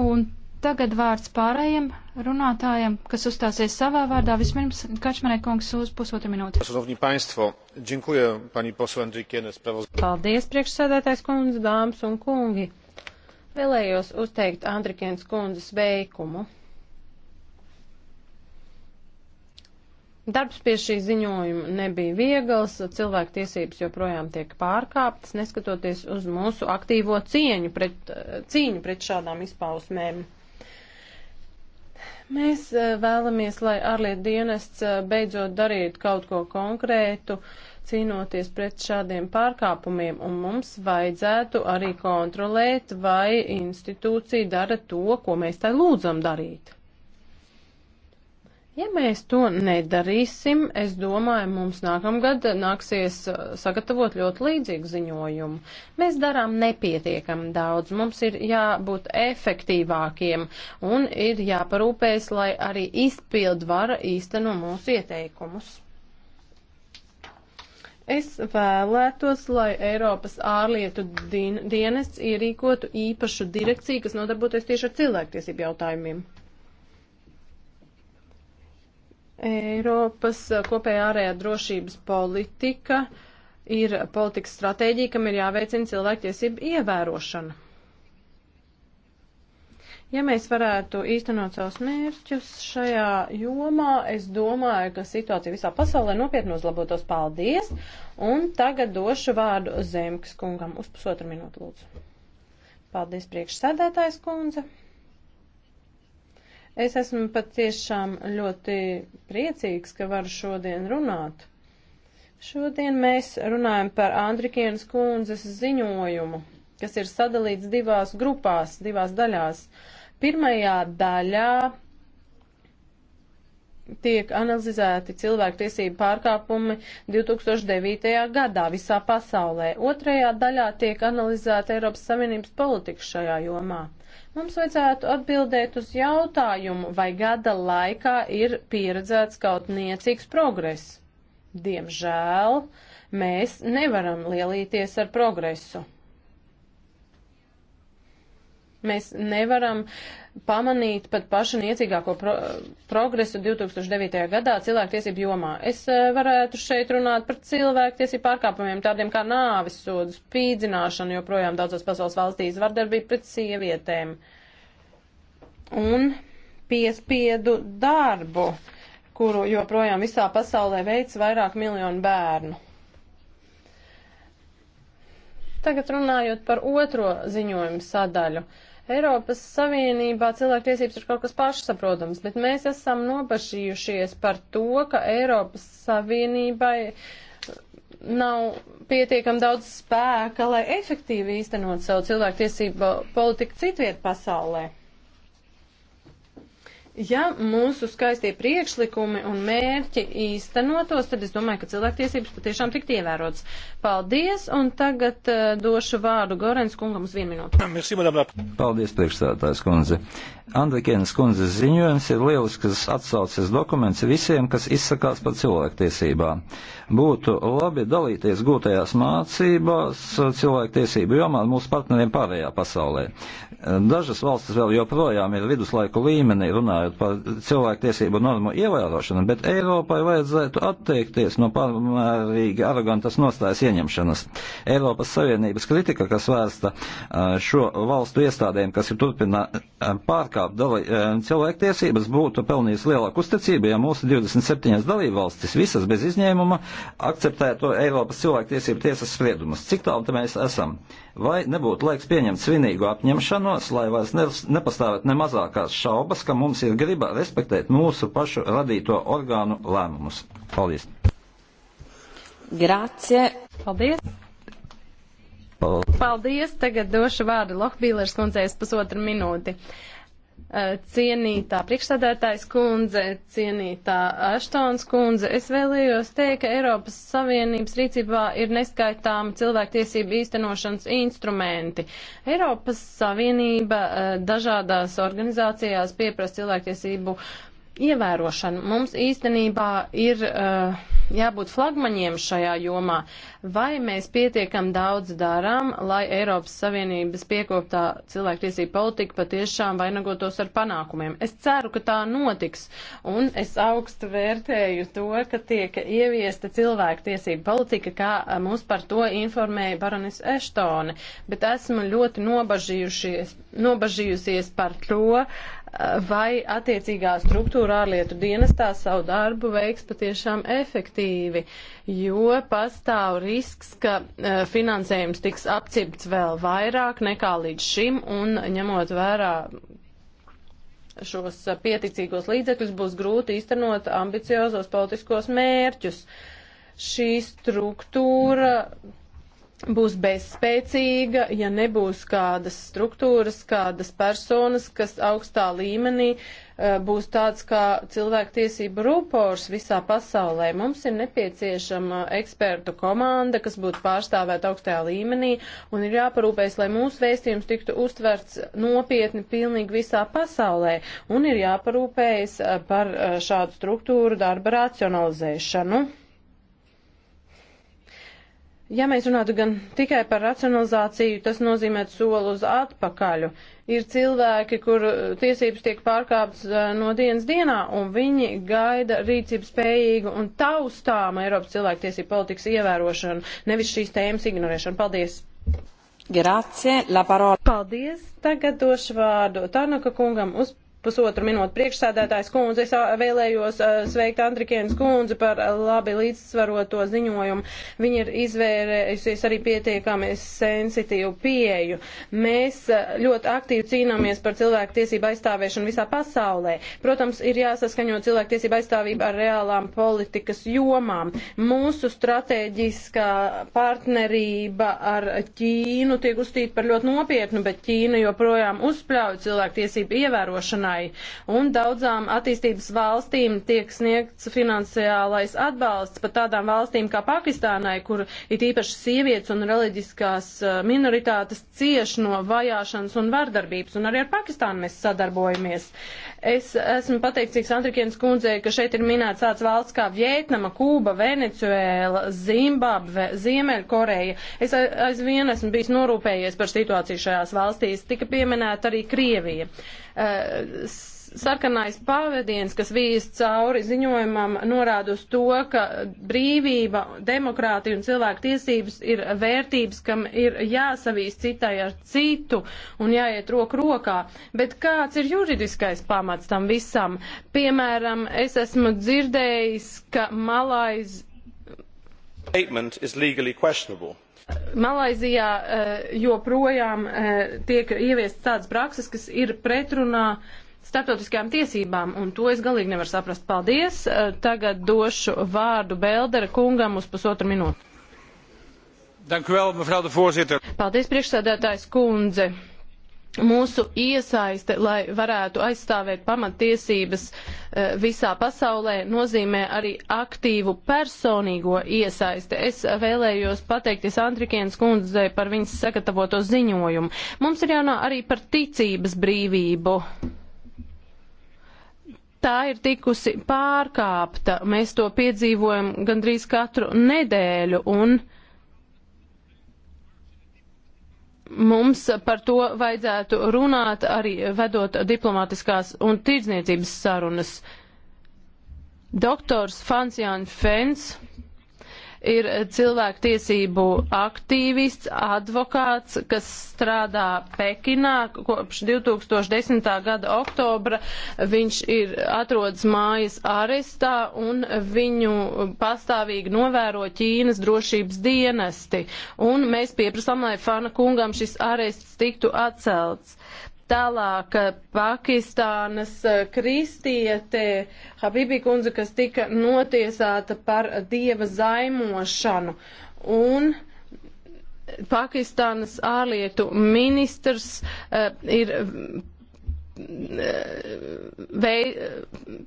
Un tagad vārds pārējiem runātājiem, kas uzstāsies savā vārdā. Vispirms Kačmanē kungs uz pusotru minūti. Paldies, priekšsēdētājs kundze, dāmas un kungi! Vēlējos uzteikt Andrikienas kundzes veikumu. Darbs pie šī ziņojuma nebija viegls, cilvēktiesības joprojām tiek pārkāptas, neskatoties uz mūsu aktīvo cieņu pret, cīņu pret šādām izpausmēm. Mēs eh, vēlamies, lai ārlietu dienests eh, beidzot darītu kaut ko konkrētu, cīnoties pret šādiem pārkāpumiem, un mums vajadzētu arī kontrolēt, vai institūcija dara to, ko mēs tai lūdzam darīt. Ja mēs to nedarīsim, es domāju, mums nākamgad nāksies uh, sagatavot ļoti līdzīgu ziņojumu. Mēs darām nepietiekam daudz, mums ir jābūt efektīvākiem un ir jāparūpēs, lai arī izpildu vara īsteno mūsu ieteikumus. Es vēlētos, lai Eiropas ārlietu dienests ierīkotu īpašu direkciju, kas nodarboties tieši ar cilvēktiesību jautājumiem. Eiropas kopējā ārējā drošības politika ir politikas stratēģija, kam ir jāveicina cilvēktiesību ievērošana. Ja mēs varētu īstenot savus mērķus šajā jomā, es domāju, ka situācija visā pasaulē nopietni uzlabotos. Paldies! Un tagad došu vārdu Zemkas kungam uz pusotru minūtu, lūdzu. Paldies, priekšsēdētājs kundze! Es esmu patiešām ļoti priecīgs, ka varu šodien runāt. Šodien mēs runājam par Andrikienas kundzes ziņojumu, kas ir sadalīts divās grupās, divās daļās. Pirmajā daļā tiek analizēti cilvēktiesību pārkāpumi 2009. gadā visā pasaulē. Otrajā daļā tiek analizēta Eiropas Savienības politika šajā jomā. Mums vajadzētu atbildēt uz jautājumu, vai gada laikā ir pieredzēts kaut niecīgs progress. Diemžēl mēs nevaram lielīties ar progresu. Mēs nevaram pamanīt pat pašu niecīgāko pro progresu 2009. gadā cilvēktiesību jomā. Es eh, varētu šeit runāt par cilvēktiesību pārkāpumiem, tādiem kā nāvis sodus, spīdzināšanu joprojām daudzos pasaules valstīs, vardarbību pret sievietēm un piespiedu darbu, kuru joprojām visā pasaulē veids vairāk miljonu bērnu. Tagad runājot par otro ziņojumu sadaļu. Uh, Eiropas Savienībā cilvēktiesības ir kaut kas pašsaprotams, bet mēs esam nobažījušies par to, ka Eiropas Savienībai nav pietiekam daudz spēka, lai efektīvi īstenot savu cilvēktiesību politiku citviet pasaulē. Ja mūsu skaistie priekšlikumi un mērķi īstenotos, tad es domāju, ka cilvēktiesības patiešām tikt ievērotas. Paldies, un tagad uh, došu vārdu Gorens kungam uz vienu minūti. Paldies, priekšstādātājs kundze. Andrikienas kundzes ziņojums ir lielisks atsauces dokuments visiem, kas izsakās par cilvēktiesībām. Būtu labi dalīties gūtajās mācībās cilvēktiesību jomā mūsu partneriem pārējā pasaulē. Dažas valstis vēl joprojām ir viduslaiku līmenī runājot par cilvēktiesību normu ievērošanu, bet Eiropai vajadzētu atteikties no pārmērīgi arogantas nostājas ieņemšanas. Eiropas Savienības kritika, kas vērsta šo valstu iestādēm, kas ir turpina pārkāpt cilvēktiesības, būtu pelnījusi lielāku uzticību, ja mūsu 27 dalībvalstis visas bez izņēmuma akceptētu Eiropas cilvēktiesību tiesas spriedumus. Cik tālu mēs esam? Vai nebūtu laiks pieņemt svinīgu apņemšanos, lai vairs ne, nepastāvētu ne mazākās šaubas, ka mums ir griba respektēt mūsu pašu radīto orgānu lēmumus? Paldies! Grācie! Paldies! Paldies! Paldies. Tagad došu vārdu Lohbīlers kundzei uz pusotru minūti. Uh, Eh, cienītā priekšstādātājs kundze, cienītā Aštons kundze, es vēlējos teikt, ka Eiropas Savienības rīcībā ir neskaitāma cilvēktiesība īstenošanas instrumenti. Eiropas Savienība eh, dažādās organizācijās pieprasa cilvēktiesību uh, ievērošanu. Mums īstenībā ir uh, jābūt flagmaņiem šajā jomā. Vai mēs pietiekam daudz darām, lai Eiropas Savienības piekoptā cilvēktiesība politika patiešām vainagotos ar panākumiem? Es ceru, ka tā notiks, un es augstu vērtēju to, ka tiek ieviesta cilvēktiesība politika, kā eh, mums par to informēja Baronis Eštone, bet esmu ļoti nobažījusies par to, uh, vai attiecīgā struktūra ārlietu dienestā savu darbu veiks patiešām efektīvi, jo pastāv risks, ka e, finansējums tiks apcipts vēl vairāk nekā līdz šim un ņemot vērā šos pieticīgos līdzekļus būs grūti īstenot ambiciozos politiskos mērķus. Šī struktūra būs bezspēcīga, ja nebūs kādas struktūras, kādas personas, kas augstā līmenī eh, būs tāds kā cilvēktiesība rūpors visā pasaulē. Mums ir nepieciešama ekspertu komanda, kas būtu pārstāvēta augstajā līmenī, un ir jāparūpēs, lai mūsu vēstījums tiktu uztverts nopietni pilnīgi visā pasaulē, un ir jāparūpējas eh, par eh, šādu struktūru darba racionalizēšanu. Ja mēs runātu gan tikai par racionalizāciju, tas nozīmē soli uz atpakaļu. Ir cilvēki, kur uh, tiesības tiek pārkāptas uh, no dienas dienā, un viņi gaida rīcības spējīgu un taustāmu Eiropas cilvēktiesību politikas ievērošanu, nevis šīs tēmas ignorēšanu. Paldies! Grazie, la parola. Paldies! Tagad došu vārdu Tanaka kungam uz pusotru minūtu priekšsēdētājs kundze. Es vēlējos sveikt Andrikienas kundzi par labi līdzsvaroto ziņojumu. Viņa ir izvērējusies arī pietiekami sensitīvu pieeju. Mēs ļoti aktīvi cīnāmies par cilvēku tiesību aizstāvēšanu visā pasaulē. Protams, ir jāsaskaņo cilvēku tiesību aizstāvību ar reālām politikas jomām. Mūsu stratēģiskā partnerība ar Ķīnu tiek uzstīta par ļoti nopietnu, bet Ķīna joprojām uzspļauj cilvēku tiesību ievērošanai Ķīnai, un daudzām attīstības valstīm tiek sniegts finansiālais atbalsts pat tādām valstīm kā Pakistānai, kur it īpaši sievietes un reliģiskās eh, minoritātes cieš no vajāšanas un vardarbības, un arī ar Pakistānu mēs sadarbojamies. Es esmu pateicīgs Andrikienas kundzei, ka šeit ir minēts tāds valsts kā Vietnama, Kūba, Venecuēla, Zimbabve, Ziemeļkoreja. Es aizvien esmu bijis norūpējies par situāciju šajās valstīs. Tika pieminēta arī Krievija. Uh, Eh, sarkanais pavadiens, kas vīz cauri ziņojumam, norāda uz to, ka brīvība, demokrātija un cilvēku tiesības ir vērtības, kam ir jāsavīs citai ar citu un jāiet roku rokā. Bet kāds ir juridiskais pamats tam visam? Piemēram, es esmu dzirdējis, ka malais. Statement is legally questionable Malaizijā eh, joprojām eh, tiek ieviestas tādas prakses, kas ir pretrunā starptautiskajām tiesībām, un to es galīgi nevaru saprast. Paldies! Eh, tagad došu vārdu Beldera kungam uz pusotru minūtu. Dank u wel, mevrouw de voorzitter. Paldies, priekšsēdētājs kundze mūsu iesaiste, lai varētu aizstāvēt pamatiesības eh, visā pasaulē, nozīmē arī aktīvu personīgo iesaisti. Es vēlējos pateikties Andrikienas kundzei par viņas sagatavoto ziņojumu. Mums ir jānā arī par ticības brīvību tā ir tikusi pārkāpta. Mēs to piedzīvojam gandrīz katru nedēļu, un Mums par to vajadzētu runāt arī vedot diplomātiskās un tīrdzniecības sarunas. Doktors Fansjāns Fens ir cilvēktiesību aktīvists, advokāts, kas strādā Pekinā kopš 2010. gada oktobra. Viņš ir atrodas mājas arestā un viņu pastāvīgi novēro Ķīnas drošības dienesti. Un mēs pieprasām, lai Fana kungam šis arests tiktu atcelts. Tālāk eh, Pakistānas eh, kristiete Habibi kundze, kas tika notiesāta par dieva zaimošanu. Un Pakistānas ārlietu ministrs uh, ir vei,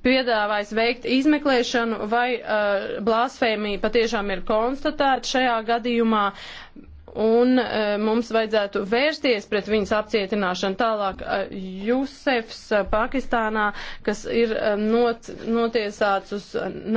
piedāvājis veikt izmeklēšanu, vai uh, blasfēmija patiešām ir konstatēta šajā gadījumā, un e, mums vajadzētu vērsties pret viņas apcietināšanu. Tālāk e, Jusefs e, Pakistānā, kas ir e, not, notiesāts uz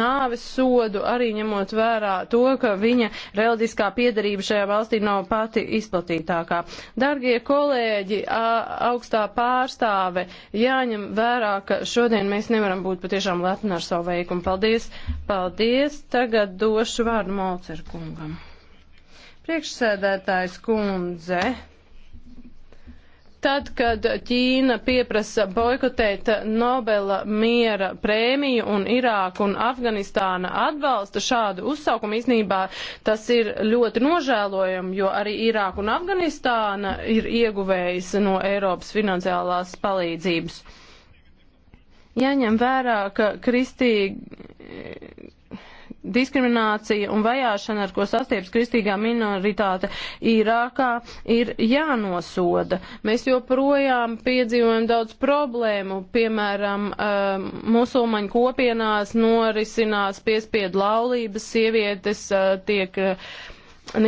nāves sodu, arī ņemot vērā to, ka viņa reliģiskā piedarība šajā valstī nav pati izplatītākā. Dargie kolēģi, a, augstā pārstāve, jāņem vērā, ka šodien mēs nevaram būt patiešām lepni ar savu veikumu. Paldies! Paldies! Tagad došu vārdu Molcerkungam. Priekšsēdētājs kundze, tad, kad Ķīna pieprasa boikotēt Nobela miera prēmiju un Irāku un Afganistāna atbalsta šādu uzsaukumu, īsnībā tas ir ļoti nožēlojami, jo arī Irāku un Afganistāna ir ieguvējis no Eiropas finansiālās palīdzības. Jāņem vērā, ka kristīgi diskriminācija un vajāšana, ar ko sastieps kristīgā minoritāte Irākā, ir jānosoda. Mēs joprojām piedzīvojam daudz problēmu, piemēram, um, musulmaņu kopienās norisinās piespiedu laulības, sievietes uh, tiek uh,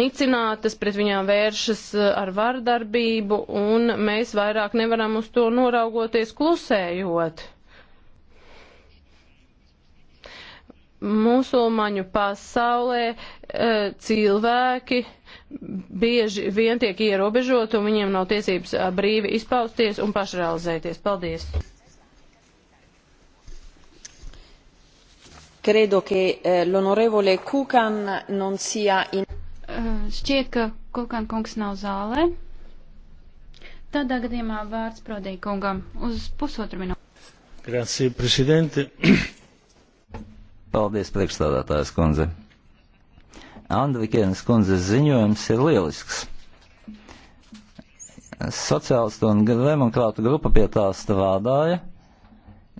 nicinātas, pret viņām vēršas uh, ar vardarbību, un mēs vairāk nevaram uz to noraugoties klusējot. musulmaņu pasaulē e, cilvēki bieži vien tiek ierobežoti un viņiem nav tiesības e, brīvi izpausties un pašrealizēties. Paldies! Credo che eh, l'onorevole Kukan non sia in. Uh, šķiet, ka Kukan kungs nav zālē. Tādā gadījumā vārds Prodei kungam uz pusotru minūti. Grazie, prezidente. Paldies, priekšstādātājs kundze. Andrikienas kundzes ziņojums ir lielisks. Sociālistu un demokrātu grupa pie tā strādāja,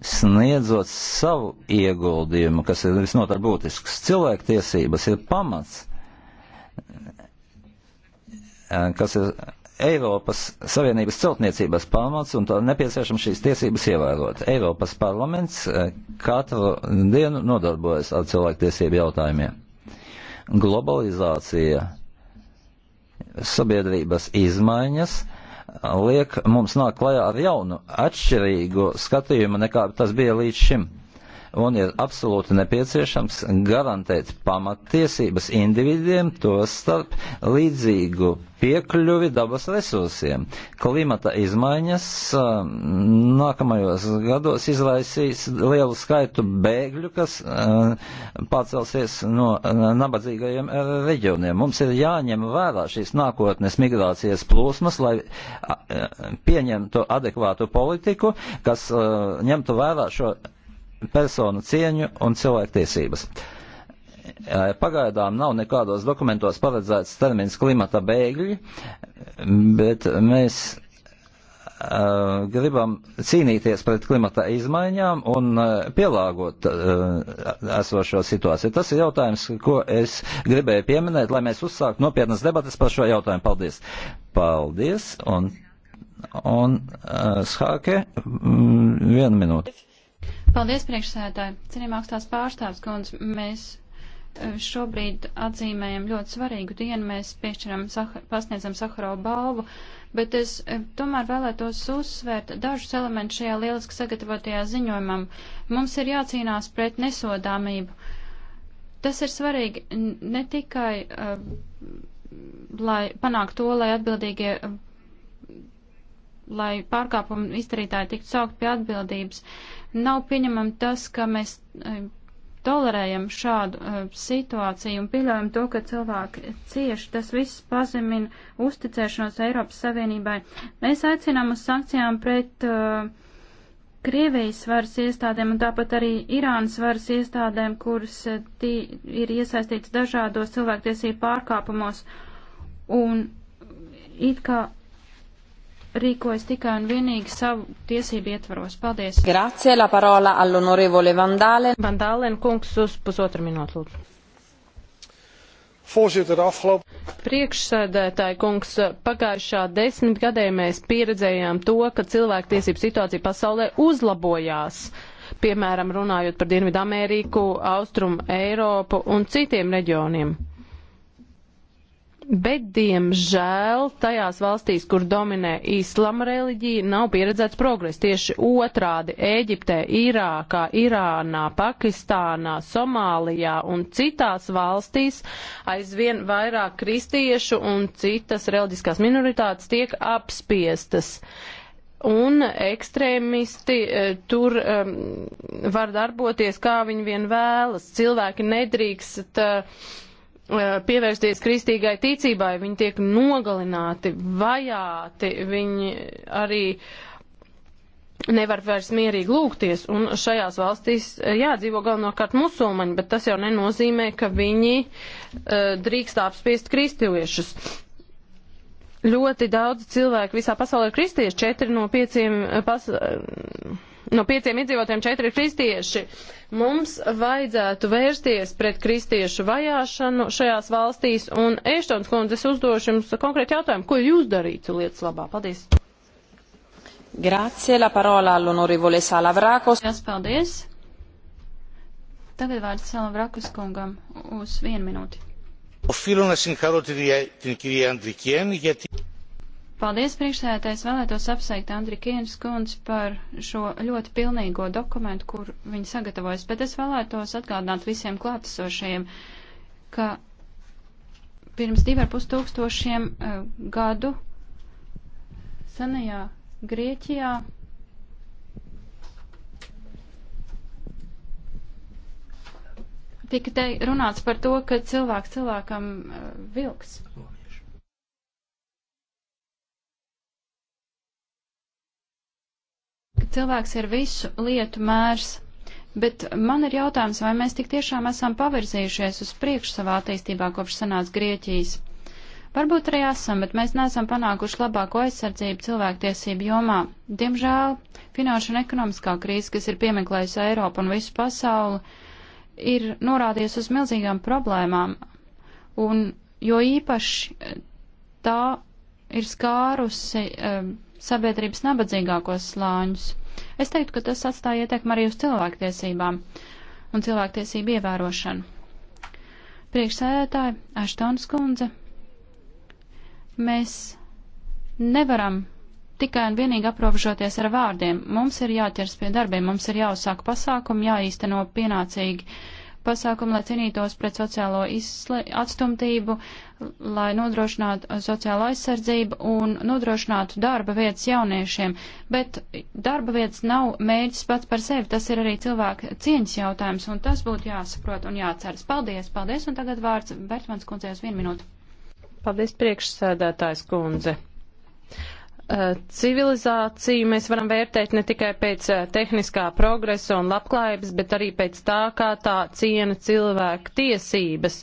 sniedzot savu ieguldījumu, kas ir visnotaļ būtisks. Cilvēktiesības ir pamats, kas ir Eiropas Savienības celtniecības pamats un to nepieciešams šīs tiesības ievērot. Eiropas parlaments eh, katru dienu nodarbojas ar cilvēktiesību jautājumiem. Globalizācija, sabiedrības izmaiņas liek mums nāk klajā ar jaunu, atšķirīgu skatījumu nekā tas bija līdz šim un ir absolūti nepieciešams garantēt pamattiesības individiem, to starp līdzīgu piekļuvi dabas resursiem. Klimata izmaiņas nākamajos gados izraisīs lielu skaitu bēgļu, kas pacelsies no nabadzīgajiem reģioniem. Mums ir jāņem vērā šīs nākotnes migrācijas plūsmas, lai pieņemtu adekvātu politiku, kas ņemtu vērā šo personu cieņu un cilvēktiesības. Pagaidām nav nekādos dokumentos paredzēts termins klimata bēgļi, bet mēs uh, gribam cīnīties pret klimata izmaiņām un uh, pielāgot uh, esošo situāciju. Tas ir jautājums, ko es gribēju pieminēt, lai mēs uzsāktu nopietnas debatas par šo jautājumu. Paldies! Paldies! Un, un uh, Schāke, mm, vienu minūti. Paldies, priekšsēdētāji. Cienījumā augstās pārstāvs, kundze, mēs eh, šobrīd atzīmējam ļoti svarīgu dienu, mēs piešķiram, sahar, pasniedzam Saharovu balvu, bet es eh, tomēr vēlētos uzsvērt dažus elementus šajā lieliski sagatavotajā ziņojumam. Mums ir jācīnās pret nesodāmību. Tas ir svarīgi ne tikai, eh, lai panāktu to, lai atbildīgie lai pārkāpumu izdarītāji tiktu saukt pie atbildības, Nav pieņemam tas, ka mēs eh, tolerējam šādu uh, situāciju un pieļaujam to, ka cilvēki cieši. Tas viss pazemina uzticēšanos Eiropas Savienībai. Mēs aicinām uz sankcijām pret uh, Krievijas varas iestādēm un tāpat arī Irānas varas iestādēm, kuras ir iesaistīts dažādos cilvēktiesību pārkāpumos. Un it kā rīkojas tikai un vienīgi savu tiesību ietvaros. Paldies. Grazie, la parola all'onorevole Vandālen. Vandālen kungs uz pusotru minūtu lūdzu. Voorzitter, afgelopen. Priekšsēdētāji kungs, pagājušā desmitgadē mēs pieredzējām to, ka cilvēktiesību situācija pasaulē uzlabojās. Piemēram, runājot par Dienvidu Ameriku, Austrumu Eiropu un citiem reģioniem. Bet, diemžēl, tajās valstīs, kur dominē islama reliģija, nav pieredzēts progress. Tieši otrādi - Ēģiptē, Irākā, Irānā, Pakistānā, Somālijā un citās valstīs aizvien vairāk kristiešu un citas reliģiskās minoritātes tiek apspiestas. Un ekstrēmisti e, tur um, var darboties, kā viņi vien vēlas. Cilvēki nedrīkst. Uh, Eh, pievērsties kristīgai ticībai, viņi tiek nogalināti, vajāti, viņi arī nevar vairs mierīgi lūgties, un šajās valstīs eh, jādzīvo galvenokārt musulmaņi, bet tas jau nenozīmē, ka viņi uh, drīkst apspiest kristiešus. Ļoti daudz cilvēku visā pasaulē ir kristieši, četri no pieciem pas, uh, no pieciem iedzīvotājiem četri ir kristieši. Mums vajadzētu vērsties pret kristiešu vajāšanu šajās valstīs, un Ēštons kundze, es uzdošu jums konkrēti jautājumu, ko jūs darītu lietas labā? Paldies! Grazie, la parola all'onorevole Salavrakos. Jās paldies! Tagad vārds Salavrakos kungam uz vienu minūti. Οφείλω να συγχαρώ την κυρία Αντρικιέν γιατί Paldies, priekšsēdētājs, vēlētos apsveikt Andri Kienas kundz par šo ļoti pilnīgo dokumentu, kur viņi sagatavojas, bet es vēlētos atgādināt visiem klātesošajiem, ka pirms divar pustūkstošiem uh, eh, gadu senajā Grieķijā tika te runāts par to, ka cilvēks cilvēkam uh, vilks. cilvēks ir visu lietu mērs. Bet man ir jautājums, vai mēs tik tiešām esam pavirzījušies uz priekšu savā attīstībā kopš senās Grieķijas. Varbūt arī esam, bet mēs neesam panākuši labāko aizsardzību cilvēktiesību jomā. Diemžēl finanšu un ekonomiskā krīze, kas ir piemeklējusi Eiropu un visu pasauli, ir norādījusi uz milzīgām problēmām, un jo īpaši tā ir skārusi um, sabiedrības nabadzīgākos slāņus. Es teiktu, ka tas atstāja ietekmi arī uz cilvēktiesībām un cilvēktiesību ievērošanu. Priekšsēdētāji, Aštons kundze, mēs nevaram tikai un vienīgi aprobežoties ar vārdiem. Mums ir jāķers pie darbiem, mums ir jāuzsāk pasākumi, jāīsteno pienācīgi pasākumi, lai cīnītos pret sociālo atstumtību, lai nodrošinātu uh, sociālo aizsardzību un nodrošinātu darba vietas jauniešiem. Bet darba vietas nav mērķis pats par sevi, tas ir arī cilvēka cieņas jautājums, un tas būtu jāsaprot un jāceras. Paldies, paldies, un tagad vārds Bertmans kundzei uz vienu minūtu. Paldies, priekšsēdētājs kundze. Eh, civilizāciju mēs varam vērtēt ne tikai pēc eh, tehniskā progresa un labklājības, bet arī pēc tā, kā tā ciena cilvēku tiesības.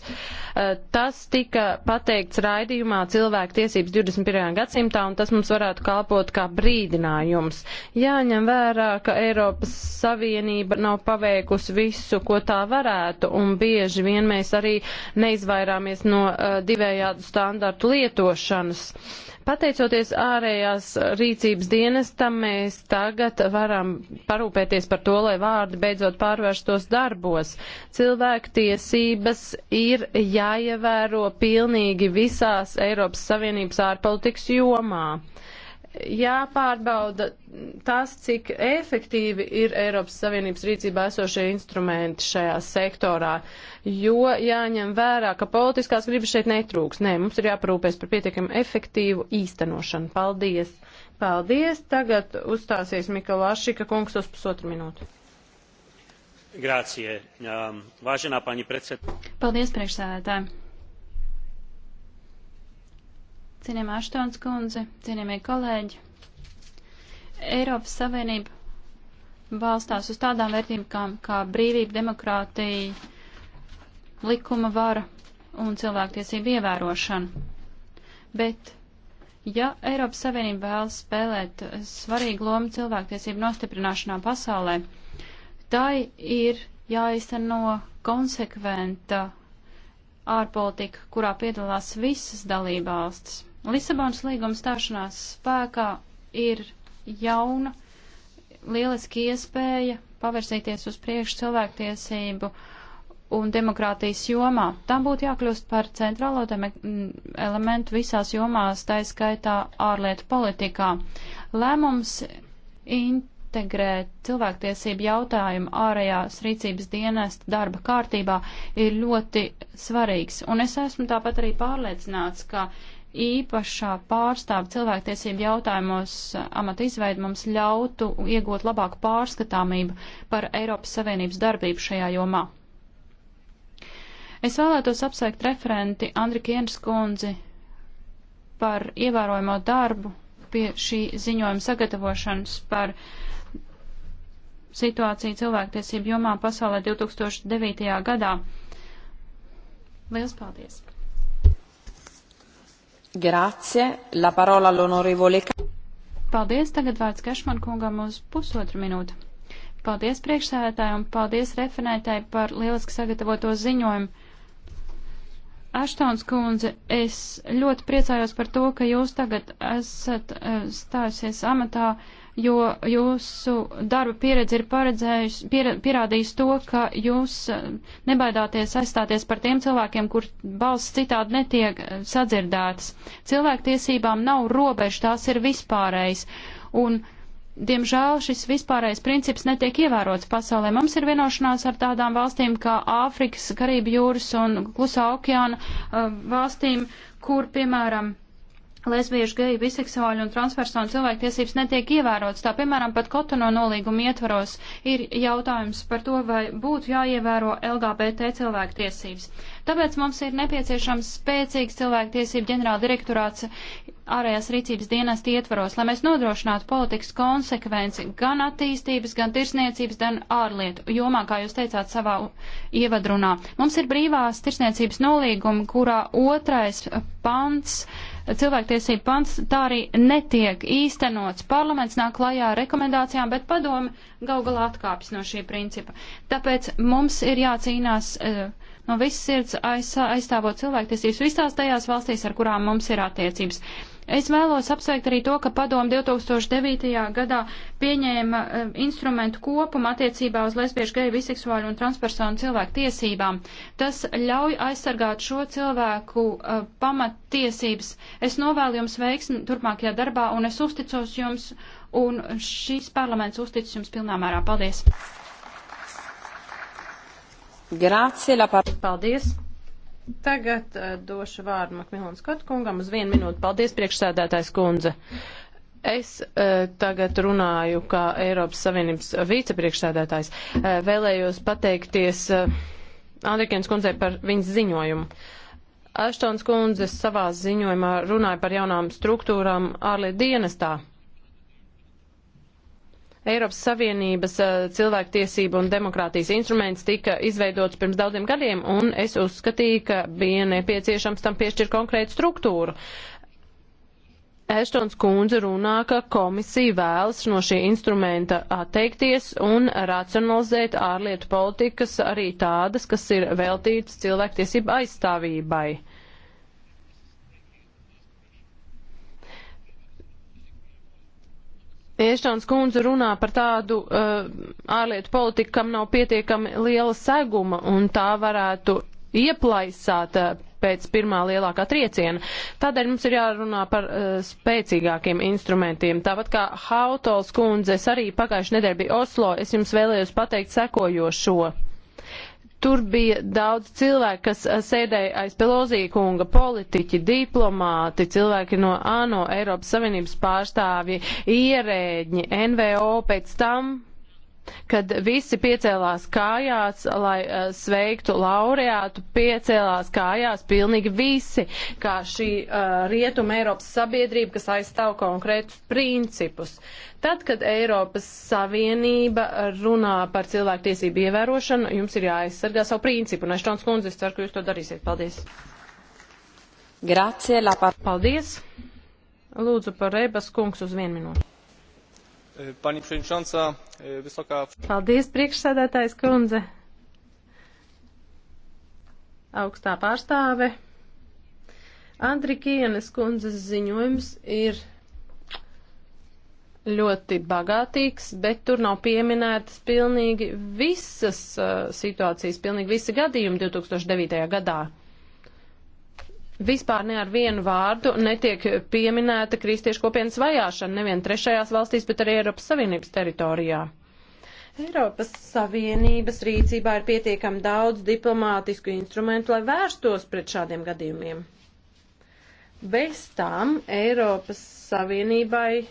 Eh, tas tika pateikts raidījumā cilvēku tiesības 21. gadsimtā, un tas mums varētu kalpot kā brīdinājums. Jāņem vērā, ka Eiropas Savienība nav paveikusi visu, ko tā varētu, un bieži vien mēs arī neizvairāmies no divējādu standartu lietošanas. Uh, Pateicoties ārējās rīcības dienestam, mēs tagad varam parūpēties par to, lai vārdi beidzot pārvērstos darbos. Cilvēku tiesības ir jāievēro pilnīgi visās Eiropas Savienības ārpolitikas jomā jāpārbauda tas, cik efektīvi ir Eiropas Savienības rīcībā esošie instrumenti šajā sektorā, jo jāņem vērā, ka politiskās gribas šeit netrūks. Nē, mums ir jāparūpēs par pietiekami efektīvu īstenošanu. Paldies! Paldies! Tagad uzstāsies Mikalāšika kungs uz pusotru minūtu. Grācie. Um, Vāženā paņi predsēd. Paldies, priekšsēdētāji cienījamā Aštons kundze, cienījamie kolēģi. Eiropas Savienība balstās uz tādām vērtībām kā brīvība, demokrātija, likuma vara un cilvēktiesība ievērošana. Bet Ja Eiropas Savienība vēlas spēlēt svarīgu lomu cilvēktiesību nostiprināšanā pasaulē, tai ir jāizteno konsekventa ārpolitika, kurā piedalās visas dalībvalstis. Lisabonas līguma stāšanās spēkā ir jauna, lieliski iespēja pavirzīties uz priekšu cilvēktiesību un demokrātijas jomā. Tam būtu jākļūst par centrālo elementu visās jomās, tā skaitā ārlietu politikā. Lēmums integrēt cilvēktiesību jautājumu ārējās rīcības dienesta darba kārtībā ir ļoti svarīgs. Un es esmu tāpat arī pārliecināts, ka īpašā pārstāva cilvēktiesību jautājumos uh, amata izveidi mums ļautu iegūt labāku pārskatāmību par Eiropas Savienības darbību šajā jomā. Es vēlētos apsveikt referenti Andri Kienas kundzi par ievērojamo darbu pie šī ziņojuma sagatavošanas par situāciju cilvēktiesību jomā pasaulē 2009. gadā. Liels paldies! Grazie. La parola all'onorevole. Paldies, tagad vārds Kašman kungam uz pusotru minūtu. Paldies priekšsēvētāju un paldies referētāju par lieliski sagatavoto ziņojumu. Aštons kundze, es ļoti priecājos par to, ka jūs tagad esat eh, stājusies amatā uh, jo jūsu darba pieredze ir pier, pierādījis to, ka jūs eh, nebaidāties aizstāties par tiem cilvēkiem, kur balss citādi netiek eh, sadzirdētas. Cilvēktiesībām nav robežu, tās ir vispārējas. Un Diemžēl šis vispārējais princips netiek ievērots pasaulē. Mums ir vienošanās ar tādām valstīm kā Āfrikas, Karību jūras un Klusā okeāna eh, valstīm, kur, piemēram, lesbiešu, geju, biseksuāļu un transpersonu cilvēktiesības netiek ievērotas. Tā piemēram, pat Kotono nolīguma ietvaros ir jautājums par to, vai būtu jāievēro LGBT cilvēktiesības. Tāpēc mums ir nepieciešams spēcīgs cilvēktiesību ģenerāla direktorāts ārējās rīcības dienas ietvaros, lai mēs nodrošinātu politikas konsekvenci gan attīstības, gan tirsniecības, gan ārlietu jomā, kā jūs teicāt savā ievadrunā. Mums ir brīvās tirsniecības nolīguma, kurā otrais pants uh, cilvēktiesību pants, tā arī netiek īstenots. Parlaments nāk klajā ar rekomendācijām, bet padomi gaugalā atkāpjas no šī principa. Tāpēc mums ir jācīnās eh, no visas sirds aizstāvot cilvēktiesības visās tajās valstīs, ar kurām mums ir attiecības. Es vēlos apsveikt arī to, ka padomu 2009. gadā pieņēma uh, instrumentu kopumu attiecībā uz lesbiešu, geju, biseksuāļu un transpersonu cilvēku tiesībām. Tas ļauj aizsargāt šo cilvēku uh, e, pamattiesības. Es novēlu jums veiksmi turpmākajā darbā un es uzticos jums un šīs parlaments uzticas jums pilnā mērā. Paldies! Grācie, la... Paldies! Tagad uh, došu vārdu Makmilons Kotkungam uz vienu minūtu. Paldies, priekšsēdētājs kundze. Es uh, tagad runāju kā Eiropas Savienības vicepriekšsēdētājs. Uh, vēlējos pateikties uh, Andrikienas kundzei par viņas ziņojumu. Aštons kundze savā ziņojumā runāja par jaunām struktūrām ārlietu dienestā. Eiropas Savienības eh, cilvēktiesību un demokrātijas instruments tika izveidots pirms daudziem gadiem, un es uzskatīju, ka bija nepieciešams tam piešķirt konkrētu struktūru. Eštons kundze runā, ka komisija vēlas no šī instrumenta atteikties un racionalizēt ārlietu politikas arī tādas, kas ir veltītas cilvēktiesību aizstāvībai. Ēštons kundze runā par tādu uh, ārlietu politiku, kam nav pietiekami liela seguma, un tā varētu ieplaisāt uh, pēc pirmā lielākā trieciena. Tādēļ mums ir jārunā par uh, spēcīgākiem instrumentiem. Tāpat kā Hautols kundze, es arī pagājuši nedēļ biju Oslo, es jums vēlējos pateikt sekojošo. Tur bija daudz cilvēku, kas eh, sēdēja aiz Pelozija kunga, politiķi, diplomāti, cilvēki no ANO, Eiropas Savienības pārstāvji, ierēģi, NVO pēc tam kad visi piecēlās kājās, lai uh, sveiktu laureātu, piecēlās kājās pilnīgi visi, kā šī uh, rietuma Eiropas sabiedrība, kas aizstāv konkrētus principus. Tad, kad Eiropas Savienība runā par cilvēktiesību ievērošanu, jums ir jāaizsargā savu principu. Un Aštons kundze, es ceru, ka jūs to darīsiet. Paldies. Grazie, labāk. Paldies. Lūdzu par Rebas kungs uz vienu minūti. Pani Priekšsēdētājā, visokā. Paldies, priekšsēdētājs kundze. Augstā pārstāve. Andri Kienes kundzes ziņojums ir ļoti bagātīgs, bet tur nav pieminētas pilnīgi visas uh, situācijas, pilnīgi visi gadījumi 2009. gadā vispār ne ar vienu vārdu netiek pieminēta kristiešu kopienas vajāšana nevien trešajās valstīs, bet arī Eiropas Savienības teritorijā. Eiropas Savienības rīcībā ir pietiekami daudz diplomātisku instrumentu, lai vērstos pret šādiem gadījumiem. Bez tām Eiropas Savienībai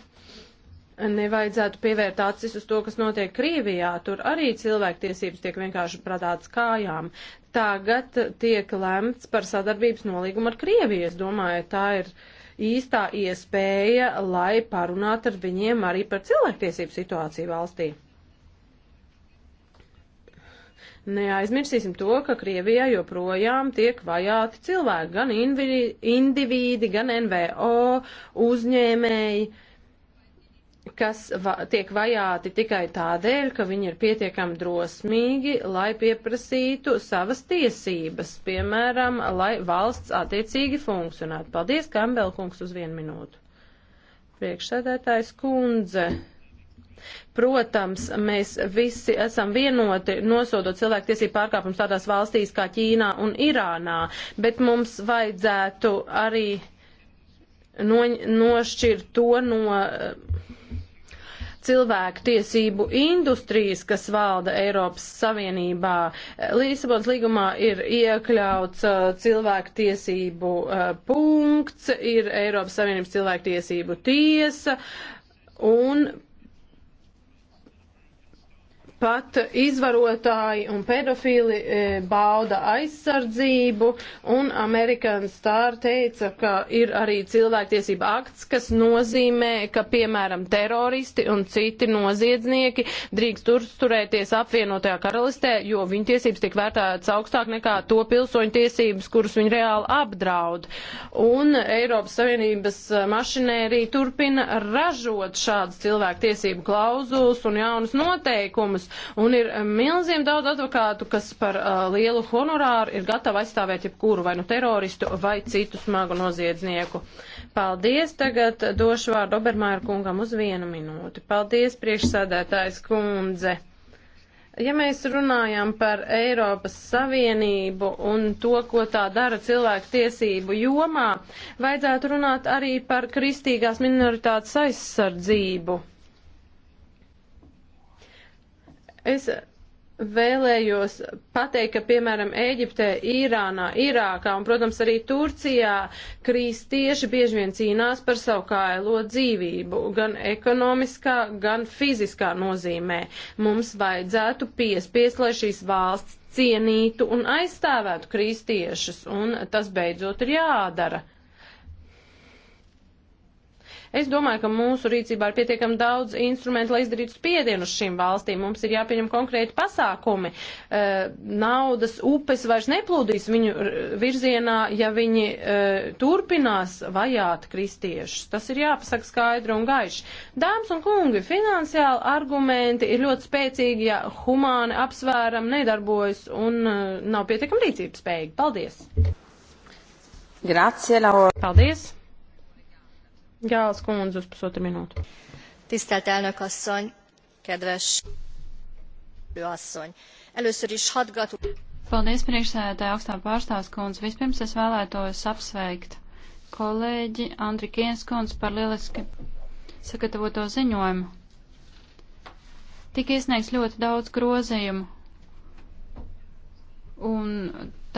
nevajadzētu pievērt acis uz to, kas notiek Krievijā. Tur arī cilvēktiesības tiek vienkārši pradāts kājām tagad tiek lemts par sadarbības nolīgumu ar Krieviju. Es domāju, tā ir īstā iespēja, lai parunātu ar viņiem arī par cilvēktiesību situāciju valstī. Neaizmirsīsim to, ka Krievijā joprojām tiek vajāti cilvēki, gan indivīdi, gan NVO, uzņēmēji. Uh, kas va tiek vajāti tikai tādēļ, ka viņi ir pietiekami drosmīgi, lai pieprasītu savas tiesības, piemēram, lai valsts attiecīgi funkcionētu. Paldies, Kambelkungs, uz vienu minūtu. Priekšsēdētājs kundze. Protams, mēs visi esam vienoti nosodot cilvēktiesību pārkāpumus tādās valstīs kā Ķīnā un Irānā, bet mums vajadzētu arī nošķirt to no cilvēku tiesību industrijas, kas valda Eiropas Savienībā. Līsabons līgumā ir iekļauts uh, cilvēku tiesību uh, punkts, ir Eiropas Savienības cilvēku tiesību tiesa un pat izvarotāji un pedofili e, bauda aizsardzību, un American Star teica, ka ir arī cilvēktiesība akts, kas nozīmē, ka, piemēram, teroristi un citi noziedznieki drīkst uzturēties apvienotajā karalistē, jo viņu tiesības tiek vērtētas augstāk nekā to pilsoņu tiesības, kuras viņi reāli apdraud. Un Eiropas Savienības mašinērija turpina ražot šādas cilvēktiesību klauzulas un jaunas noteikumus un ir eh, milzīgi daudz advokātu, kas par uh, lielu honorāru ir gatavi aizstāvēt jebkuru vai nu teroristu vai citu smagu noziedznieku. Paldies, tagad došu vārdu Obermaier kungam uz vienu minūti. Paldies, priekšsēdētājs kundze. Ja mēs runājam par Eiropas Savienību un to, ko tā dara cilvēku tiesību jomā, vajadzētu runāt arī par kristīgās minoritātes aizsardzību. Es vēlējos pateikt, ka, piemēram, Ēģiptē, Irānā, Irākā un, protams, arī Turcijā kristieši bieži vien cīnās par savu kailo dzīvību, gan ekonomiskā, gan fiziskā nozīmē. Mums vajadzētu piespiest, lai šīs valsts cienītu un aizstāvētu kristiešus, un tas beidzot ir jādara. Es domāju, ka mūsu rīcībā ir pietiekami daudz instrumentu, lai izdarītu spiedienu uz šīm valstīm. Mums ir jāpieņem konkrēti pasākumi. Eh, naudas upes vairs neplūdīs viņu virzienā, ja viņi eh, turpinās vajāt kristiešus. Tas ir jāpasaka skaidri un gaiši. Dāmas un kungi, finansiāli argumenti ir ļoti spēcīgi, ja humāni apsvēram nedarbojas un eh, nav pietiekami rīcības spējīgi. Paldies! Grazie, Laura. Paldies! Gāls kundze uz pusotru minūtu. Tisztelt elnök asszony, kedves asszony! Először is hadd gratulálok. Paldies, priekšsēdētāji, augstā pārstāvs kundze. Vispirms es vēlētos apsveikt kolēģi Andri Kiens kundze par lieliski sagatavoto ziņojumu. Tika iesniegts ļoti daudz grozījumu, un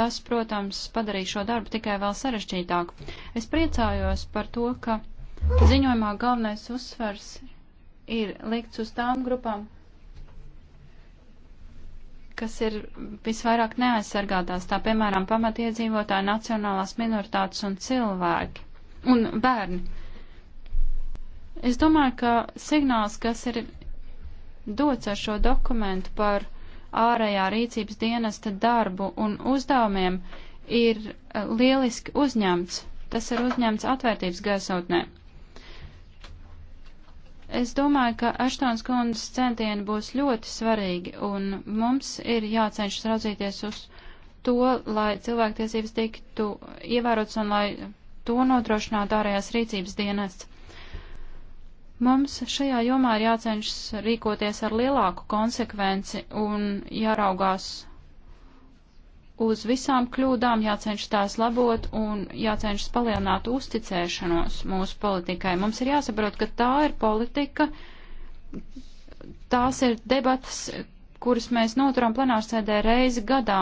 tas, protams, padarīja šo darbu tikai vēl sarežģītāku. Es priecājos par to, ka Ziņojumā galvenais uzsvars ir likts uz tām grupām, kas ir visvairāk neaizsargātās, tā piemēram pamatiedzīvotāji, nacionālās minoritātes un cilvēki un bērni. Es domāju, ka signāls, kas ir dots ar šo dokumentu par ārējā rīcības dienesta darbu un uzdevumiem, ir lieliski uzņemts. Tas ir uzņemts atvērtības gaisotnē. Es domāju, ka Aštons kundas centieni būs ļoti svarīgi, un mums ir jācenšas raudzīties uz to, lai cilvēktiesības tiktu ievērotas un lai to nodrošinātu ārējās rīcības dienests. Mums šajā jomā ir jācenšas rīkoties ar lielāku konsekvenci un jāraugās uz visām kļūdām, jācenšas tās labot un jācenšas palielināt uzticēšanos mūsu politikai. Mums ir jāsaprot, ka tā ir politika, tās ir debatas, kuras mēs noturam plenārsēdē reizi gadā.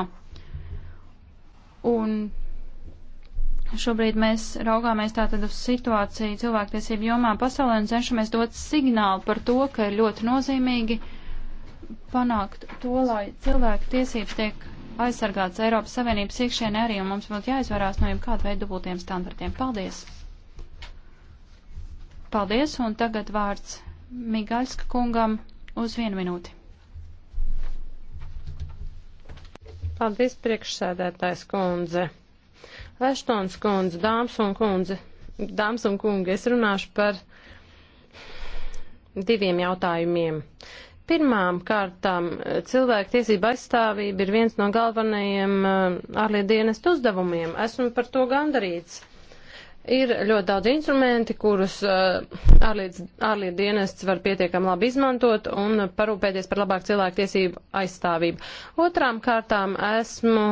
Un šobrīd mēs raugāmies tātad uz situāciju cilvēktiesību jomā pasaulē un cenšamies dot signālu par to, ka ir ļoti nozīmīgi panākt to, lai cilvēku tiesības tiek aizsargāts Eiropas Savienības iekšienē arī, un mums būtu jāizvarās no jebkāda veida dubultiem standartiem. Paldies! Paldies, un tagad vārds Migaļska kungam uz vienu minūti. Paldies, priekšsēdētājs kundze. Veštons kundze, dāmas un kundze, dāmas un kungi, es runāšu par diviem jautājumiem. Pirmām kārtām eh, cilvēku tiesība aizstāvība ir viens no galvenajiem eh, ārlietu dienestu uzdevumiem. Esmu par to gandarīts. Ir ļoti daudz instrumenti, kurus eh, ārlietu dienests var pietiekami labi izmantot un parūpēties par labāku cilvēku tiesību aizstāvību. Otrām kārtām esmu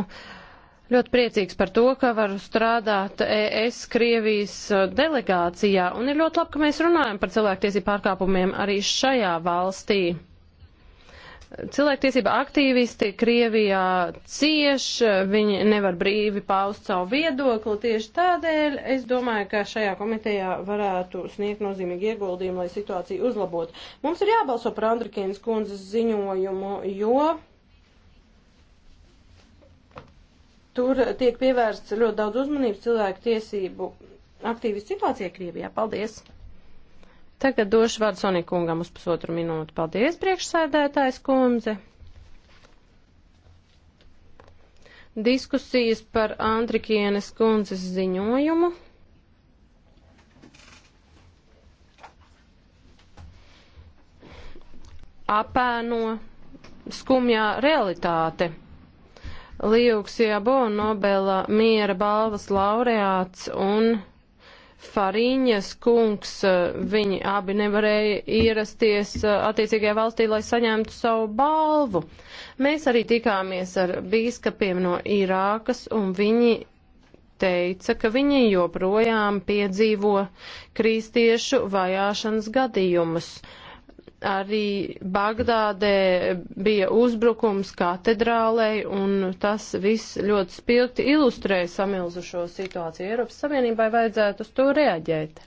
ļoti priecīgs par to, ka varu strādāt ES Krievijas delegācijā un ir ļoti labi, ka mēs runājam par cilvēku tiesību pārkāpumiem arī šajā valstī. Cilvēktiesība aktīvisti Krievijā cieš, viņi nevar brīvi paust savu viedokli. Tieši tādēļ es domāju, ka šajā komitejā varētu sniegt nozīmīgi ieguldījumu, lai situāciju uzlabotu. Mums ir jābalso par Andrikienas kundzes ziņojumu, jo tur tiek pievērsts ļoti daudz uzmanības cilvēku tiesību aktīvistu situācijai Krievijā. Paldies! Tagad došu vārdu Sonikungam uz pusotru minūtu. Paldies, priekšsēdētājs kundze. Diskusijas par Andrikienes kundzes ziņojumu. apēno skumjā realitāte. Liuks Jabo Nobela miera balvas laureāts un Fariņas kungs, eh, viņi abi nevarēja ierasties eh, attiecīgajā valstī, lai saņemtu savu balvu. Mēs arī tikāmies ar bīskapiem no Irākas, un viņi teica, ka viņi joprojām piedzīvo kristiešu vajāšanas gadījumus. Uh, arī Bagdādē bija uzbrukums katedrālei, un tas viss ļoti spilgti ilustrē samilzušo situāciju. Eiropas Savienībai vajadzētu uz to reaģēt.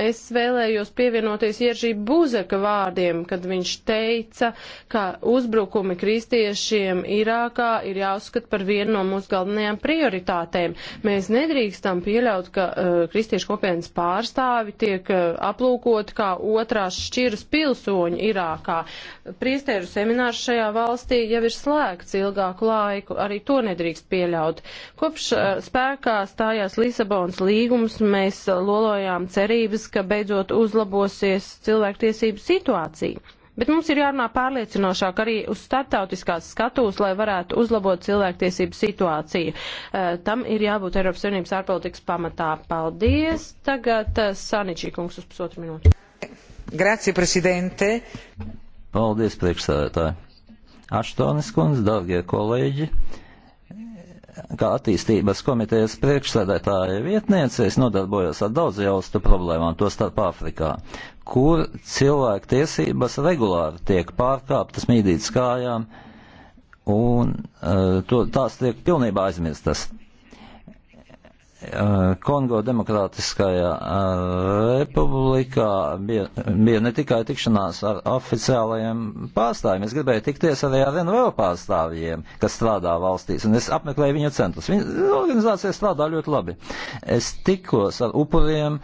es vēlējos pievienoties Ieržī Buzeka vārdiem, kad viņš teica, ka uzbrukumi kristiešiem Irākā ir jāuzskata par vienu no mūsu galvenajām prioritātēm. Mēs nedrīkstam pieļaut, ka uh, kristiešu kopienas pārstāvi tiek uh, aplūkoti kā otrās šķiras pilsoņi Irākā. Priesteru seminārs šajā valstī jau ir slēgts ilgāku laiku, arī to nedrīkst pieļaut. Kopš uh, spēkā stājās Lisabonas līgums, mēs uh, lolojām cerības cerības, ka beidzot uzlabosies cilvēktiesību situācija. Bet mums ir jārunā pārliecinošāk arī uz startautiskās skatūs, lai varētu uzlabot cilvēktiesību situāciju. Eh, tam ir jābūt Eiropas Savienības ārpolitikas pamatā. Paldies. Tagad eh, Saničī kungs uz pusotru minūtu. Grazie, prezidente. Paldies, priekšsēdētāji. Aštonis kundze, dārgie kolēģi kā attīstības komitejas priekšsēdētāja vietniece, es nodarbojos ar daudz jaustu problēmām, to starp Āfrikā, kur cilvēku tiesības regulāri tiek pārkāptas, mīdītas kājām, un uh, to, tās tiek pilnībā aizmirstas. Eh, Kongo Demokrātiskajā eh, republikā bija, bija ne tikai tikšanās ar oficiālajiem pārstāvjiem, es gribēju tikties arī ar NVO pārstāvjiem, kas strādā valstīs, un es apmeklēju viņu centrus. Viņa organizācija strādā ļoti labi. Es tikos ar upuriem eh,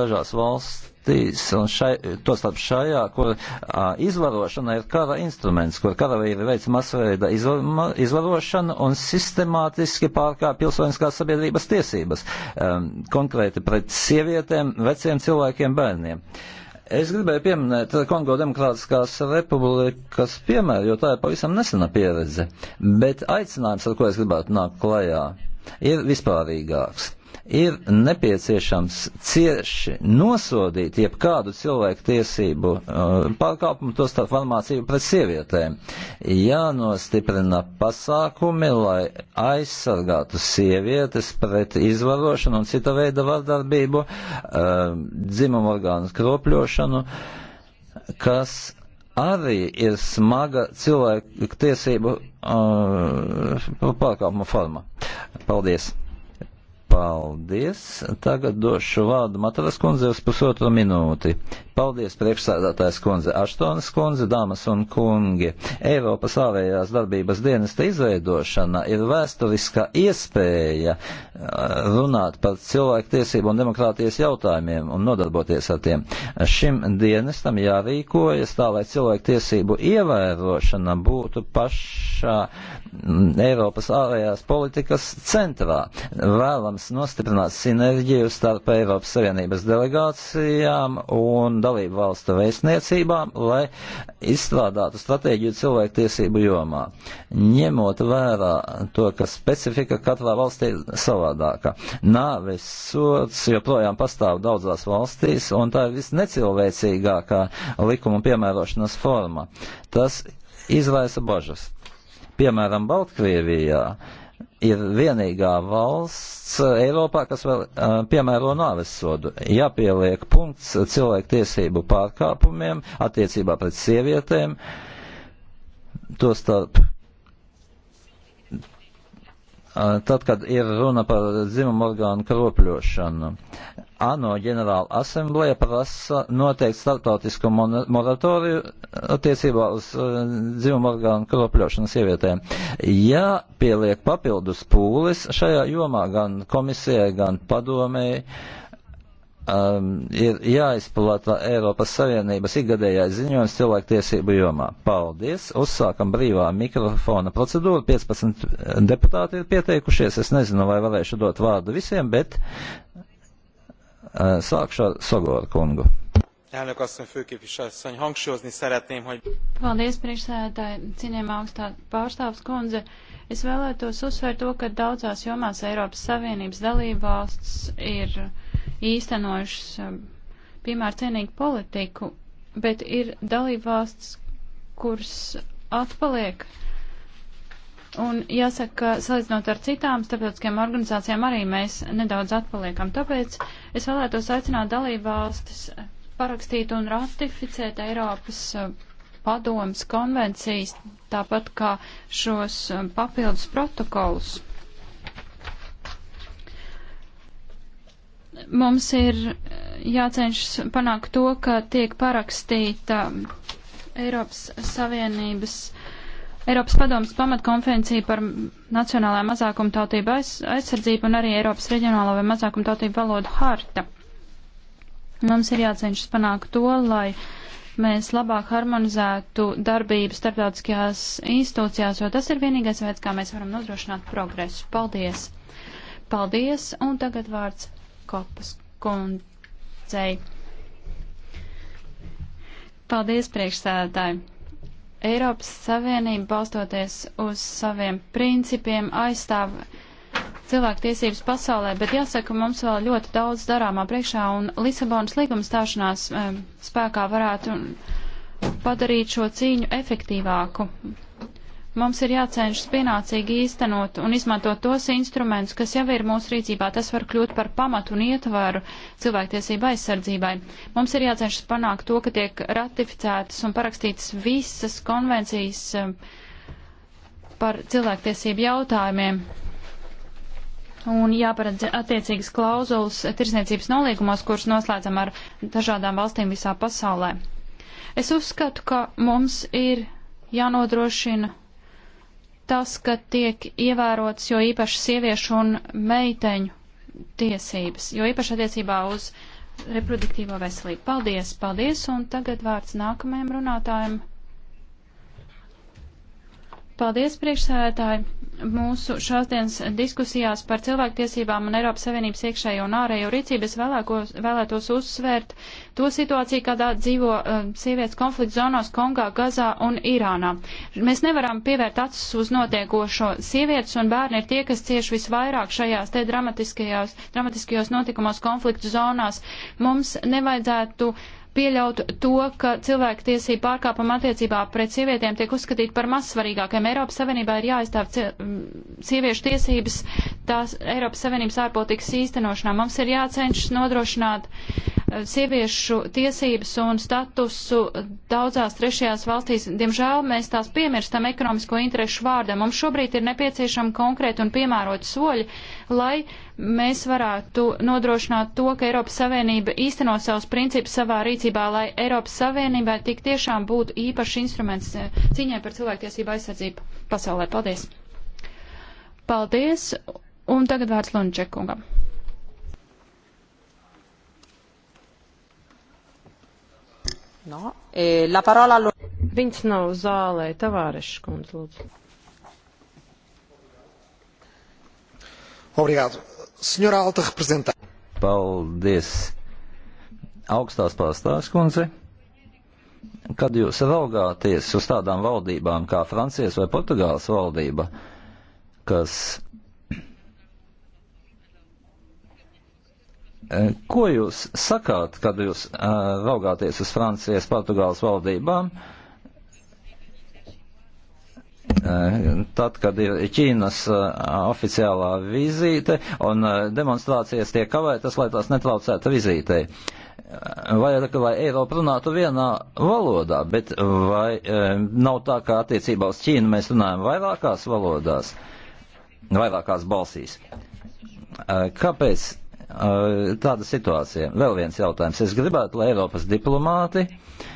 dažās valsts valstīs, un šai, tostarp šajā, kur a, izvarošana ir kara instruments, kur karavīri veic masveida izvar, izvarošanu un sistemātiski pārkāp pilsoniskās sabiedrības tiesības, a, konkrēti pret sievietēm, veciem cilvēkiem, bērniem. Es gribēju pieminēt Kongo Demokrātiskās republikas piemēru, jo tā ir pavisam nesena pieredze, bet aicinājums, ar ko es gribētu nākt klajā, ir vispārīgāks ir nepieciešams cieši nosodīt jebkādu cilvēku tiesību uh, pārkāpumu, to starp farmāciju pret sievietēm. Jānostiprina pasākumi, lai aizsargātu sievietes pret izvarošanu un cita veida vardarbību, uh, dzimumu orgānu kropļošanu, kas arī ir smaga cilvēku tiesību uh, pārkāpuma forma. Paldies! Paldies. Tagad došu vārdu Matavas kundzei uz pusotru minūti. Paldies, priekšsēdētājs kundze, Aštonas kundze, dāmas un kungi. Eiropas ārējās darbības dienesta izveidošana ir vēsturiska iespēja uh, runāt par cilvēktiesību un demokrātijas jautājumiem un nodarboties ar tiem. Šim dienestam jārīkojas tā, lai cilvēktiesību ievērošana būtu pašā mm, Eiropas ārējās politikas centrā. Vēlams nostiprināt sinerģiju starp Eiropas Savienības delegācijām un dalību valstu vēstniecībām, lai izstrādātu stratēģiju cilvēktiesību jomā, ņemot vērā to, ka specifika katrā valstī ir savādāka. Nāves sots joprojām pastāv daudzās valstīs, un tā ir visnecilvēcīgākā likuma piemērošanas forma. Tas izraisa bažas. Piemēram, Baltkrievijā ir vienīgā valsts eh, Eiropā, kas vēl uh, piemēro nāves sodu. Jāpieliek punkts cilvēku tiesību pārkāpumiem attiecībā pret sievietēm, to starp Uh, tad, kad ir runa par dzimumu orgānu kropļošanu. ANO ģenerāla asambleja prasa noteikt startautisku moratoriju attiecībā uh, uz uh, dzimumu orgānu kropļošanu sievietēm. Ja pieliek papildus pūlis šajā jomā gan komisijai, gan padomēji, um, ir jāizplata Eiropas Savienības ikgadējais ziņojums cilvēktiesību jomā. Paldies! Uzsākam brīvā mikrofona procedūru. 15 deputāti ir pieteikušies. Es nezinu, vai varēšu dot vārdu visiem, bet uh, sākšu ar Sogoru kungu. Elnök asszony, főképviselőasszony, hangsúlyozni szeretném, hogy... Paldies, priekšsēdētāji, cienījamā augstā pārstāvs kundze. Uh, Es vēlētos uzsvērt to, ka daudzās jomās Eiropas Savienības dalībvalsts ir īstenojušas um, piemērcienīgu politiku, bet ir dalībvalsts, kuras atpaliek. Un jāsaka, ka salīdzinot ar citām starptautiskajām organizācijām arī mēs nedaudz atpaliekam. Tāpēc es vēlētos aicināt dalībvalstis parakstīt un ratificēt Eiropas uh, padomas konvencijas, tāpat kā šos um, papildus protokolus. Mums ir uh, jācenšas panākt to, ka tiek parakstīta um, Eiropas Savienības, Eiropas padomas pamatkonvencija par nacionālajā mazākumtautību aiz, aizsardzību un arī Eiropas reģionālo vai mazākumtautību valodu harta. Mums ir jācenšas panākt to, lai uh, mēs labāk harmonizētu darbību starptautiskajās institūcijās, jo tas ir vienīgais veids, kā mēs varam nodrošināt progresu. Paldies! Paldies! Un tagad vārds Kopas kundzei. Paldies, priekšsēdētāji! Eiropas Savienība balstoties uz saviem principiem aizstāv cilvēktiesības pasaulē, bet jāsaka, mums vēl ļoti daudz darāmā priekšā, un Lisabonas līguma stāšanās spēkā varētu padarīt šo cīņu efektīvāku. Mums ir jācenšas pienācīgi īstenot un izmantot tos instrumentus, kas jau ir mūsu rīcībā. Tas var kļūt par pamatu un ietvaru cilvēktiesību aizsardzībai. Mums ir jācenšas panākt to, ka tiek ratificētas un parakstītas visas konvencijas par cilvēktiesību jautājumiem un jāparedz attiecīgas klauzulas tirsniecības nolīgumos, kuras noslēdzam ar dažādām valstīm visā pasaulē. Es uzskatu, ka mums ir jānodrošina tas, ka tiek ievērots jo īpaši sieviešu un meiteņu tiesības, jo īpaši attiecībā uz reproduktīvo veselību. Paldies, paldies, un tagad vārds nākamajam runātājam Paldies, priekšsēdētāji! Mūsu šodienas diskusijās par cilvēktiesībām un Eiropas Savienības iekšējo un ārējo rīcību es vēlēkos, vēlētos uzsvērt to situāciju, kādā dzīvo uh, sievietes konflikts zonos Kongā, Gazā un Irānā. Mēs nevaram pievērt acis uz notiekošo. Sievietes un bērni ir tie, kas cieš visvairāk šajās te dramatiskajos, dramatiskajos notikumos konfliktu zonās. Mums nevajadzētu uh, pieļaut to, ka cilvēktiesība pārkāpuma attiecībā pret sievietēm tiek uzskatīta par mazsvarīgākiem. Eiropas Savienībā ir jāaizstāv sieviešu tiesības tās Eiropas Savienības ārpolitikas īstenošanā. Mums ir jācenšas nodrošināt eh, sieviešu tiesības un statusu daudzās trešajās valstīs. Diemžēl mēs tās piemirstam ekonomisko interešu vārdā. Mums šobrīd ir nepieciešama konkrēta un piemērota soļa lai mēs varētu nodrošināt to, ka Eiropas Savienība īsteno savus principus savā rīcībā, lai Eiropas Savienībai tik tiešām būtu īpašs instruments eh, cīņai par cilvēktiesību aizsardzību pasaulē. Paldies! Paldies! Un tagad vārds Lunčekungam. No, e, la parola... Viņš nav zālē, tavārešs kundze, lūdzu. Obrigado. Senhora alta reprezentante. Paldies, augstās pārstāvs kundze. Kad jūs raugāties uz tādām valdībām kā Francijas vai Portugāles valdība, kas. Ko jūs sakāt, kad jūs uh, raugāties uz Francijas, Portugāles valdībām? Uh, Tad, kad ir Ķīnas oficiālā vizīte un demonstrācijas tiek kavētas, lai tās netraucētu vizītei. Vairāk, lai Eiropa runātu vienā valodā, bet vai nav tā, ka attiecībā uz Ķīnu mēs runājam vairākās valodās, vairākās balsīs? Kāpēc tāda situācija? Vēl viens jautājums. Es gribētu, lai Eiropas diplomāti uh,